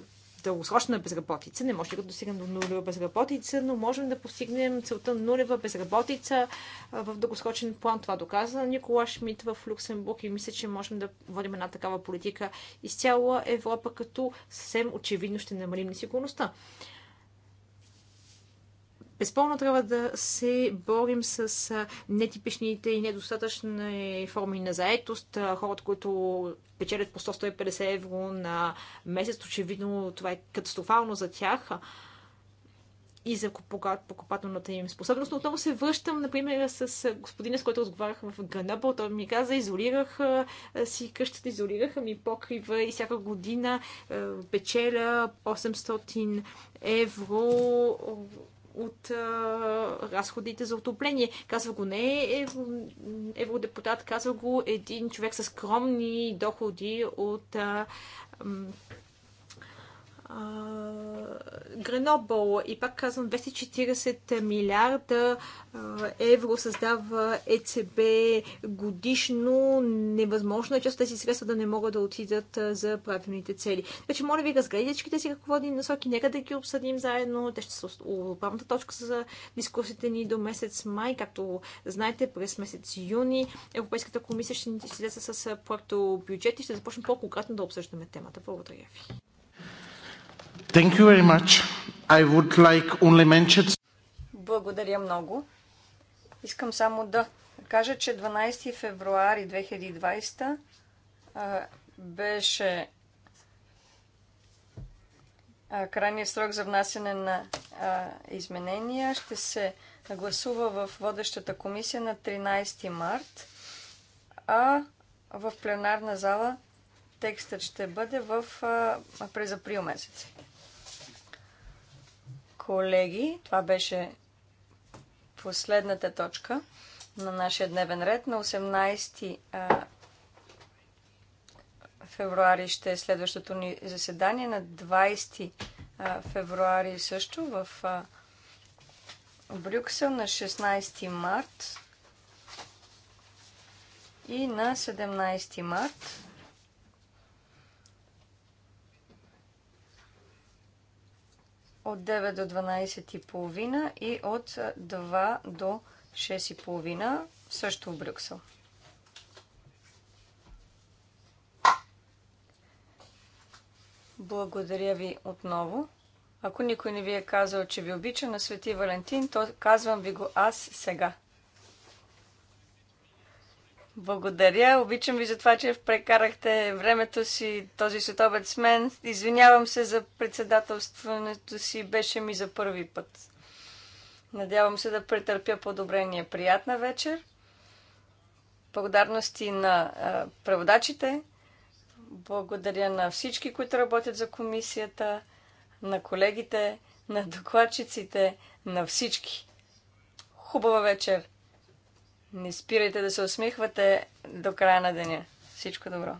дългосрочна безработица. Не може да достигнем до нулева безработица, но можем да постигнем целта нулева безработица в дългосрочен план. Това доказа Никола Шмидт в Люксембург и мисля, че можем да водим една такава политика из цяла Европа, като съвсем очевидно ще намалим несигурността. На Безпълно трябва да се борим с нетипичните и недостатъчни форми на заетост. Хората, които печелят по 100-150 евро на месец, очевидно това е катастрофално за тях и за покупателната им способност. Но отново се връщам, например, с господина, с който разговарях в Гранъбъл. Той ми каза, изолирах си къщата, изолираха ми покрива и всяка година печеля 800 евро от а, разходите за отопление. Казва го не евро, евродепутат, казва го един човек с скромни доходи от а, Гренобъл и пак казвам 240 милиарда евро създава ЕЦБ годишно. Невъзможно е част тези средства да не могат да отидат за правилните цели. Така че, моля ви, разгледайте всичките си ръководни насоки, нека да ги обсъдим заедно. Те ще са правната точка за дискусите ни до месец май. Както знаете, през месец юни Европейската комисия ще ни излезе с проекто бюджет и ще започнем по-конкретно да обсъждаме темата. Благодаря ви. Thank you very much. I would like only mention... Благодаря много. Искам само да кажа, че 12 февруари 2020 беше крайният срок за внасяне на изменения. Ще се гласува в водещата комисия на 13 март, а в пленарна зала Текстът ще бъде в, през април месец. Колеги, това беше последната точка на нашия дневен ред. На 18 февруари ще е следващото ни заседание. На 20 февруари също в Брюксел. На 16 март и на 17 март от 9 до 12 и половина и от 2 до 6 и половина, също в Брюксел. Благодаря ви отново. Ако никой не ви е казал, че ви обича на Свети Валентин, то казвам ви го аз сега. Благодаря. Обичам ви за това, че прекарахте времето си този светобед с мен. Извинявам се за председателстването си. Беше ми за първи път. Надявам се да претърпя подобрение. Приятна вечер. Благодарности на а, преводачите. Благодаря на всички, които работят за комисията, на колегите, на докладчиците, на всички. Хубава вечер! Не спирайте да се усмихвате до края на деня. Всичко добро!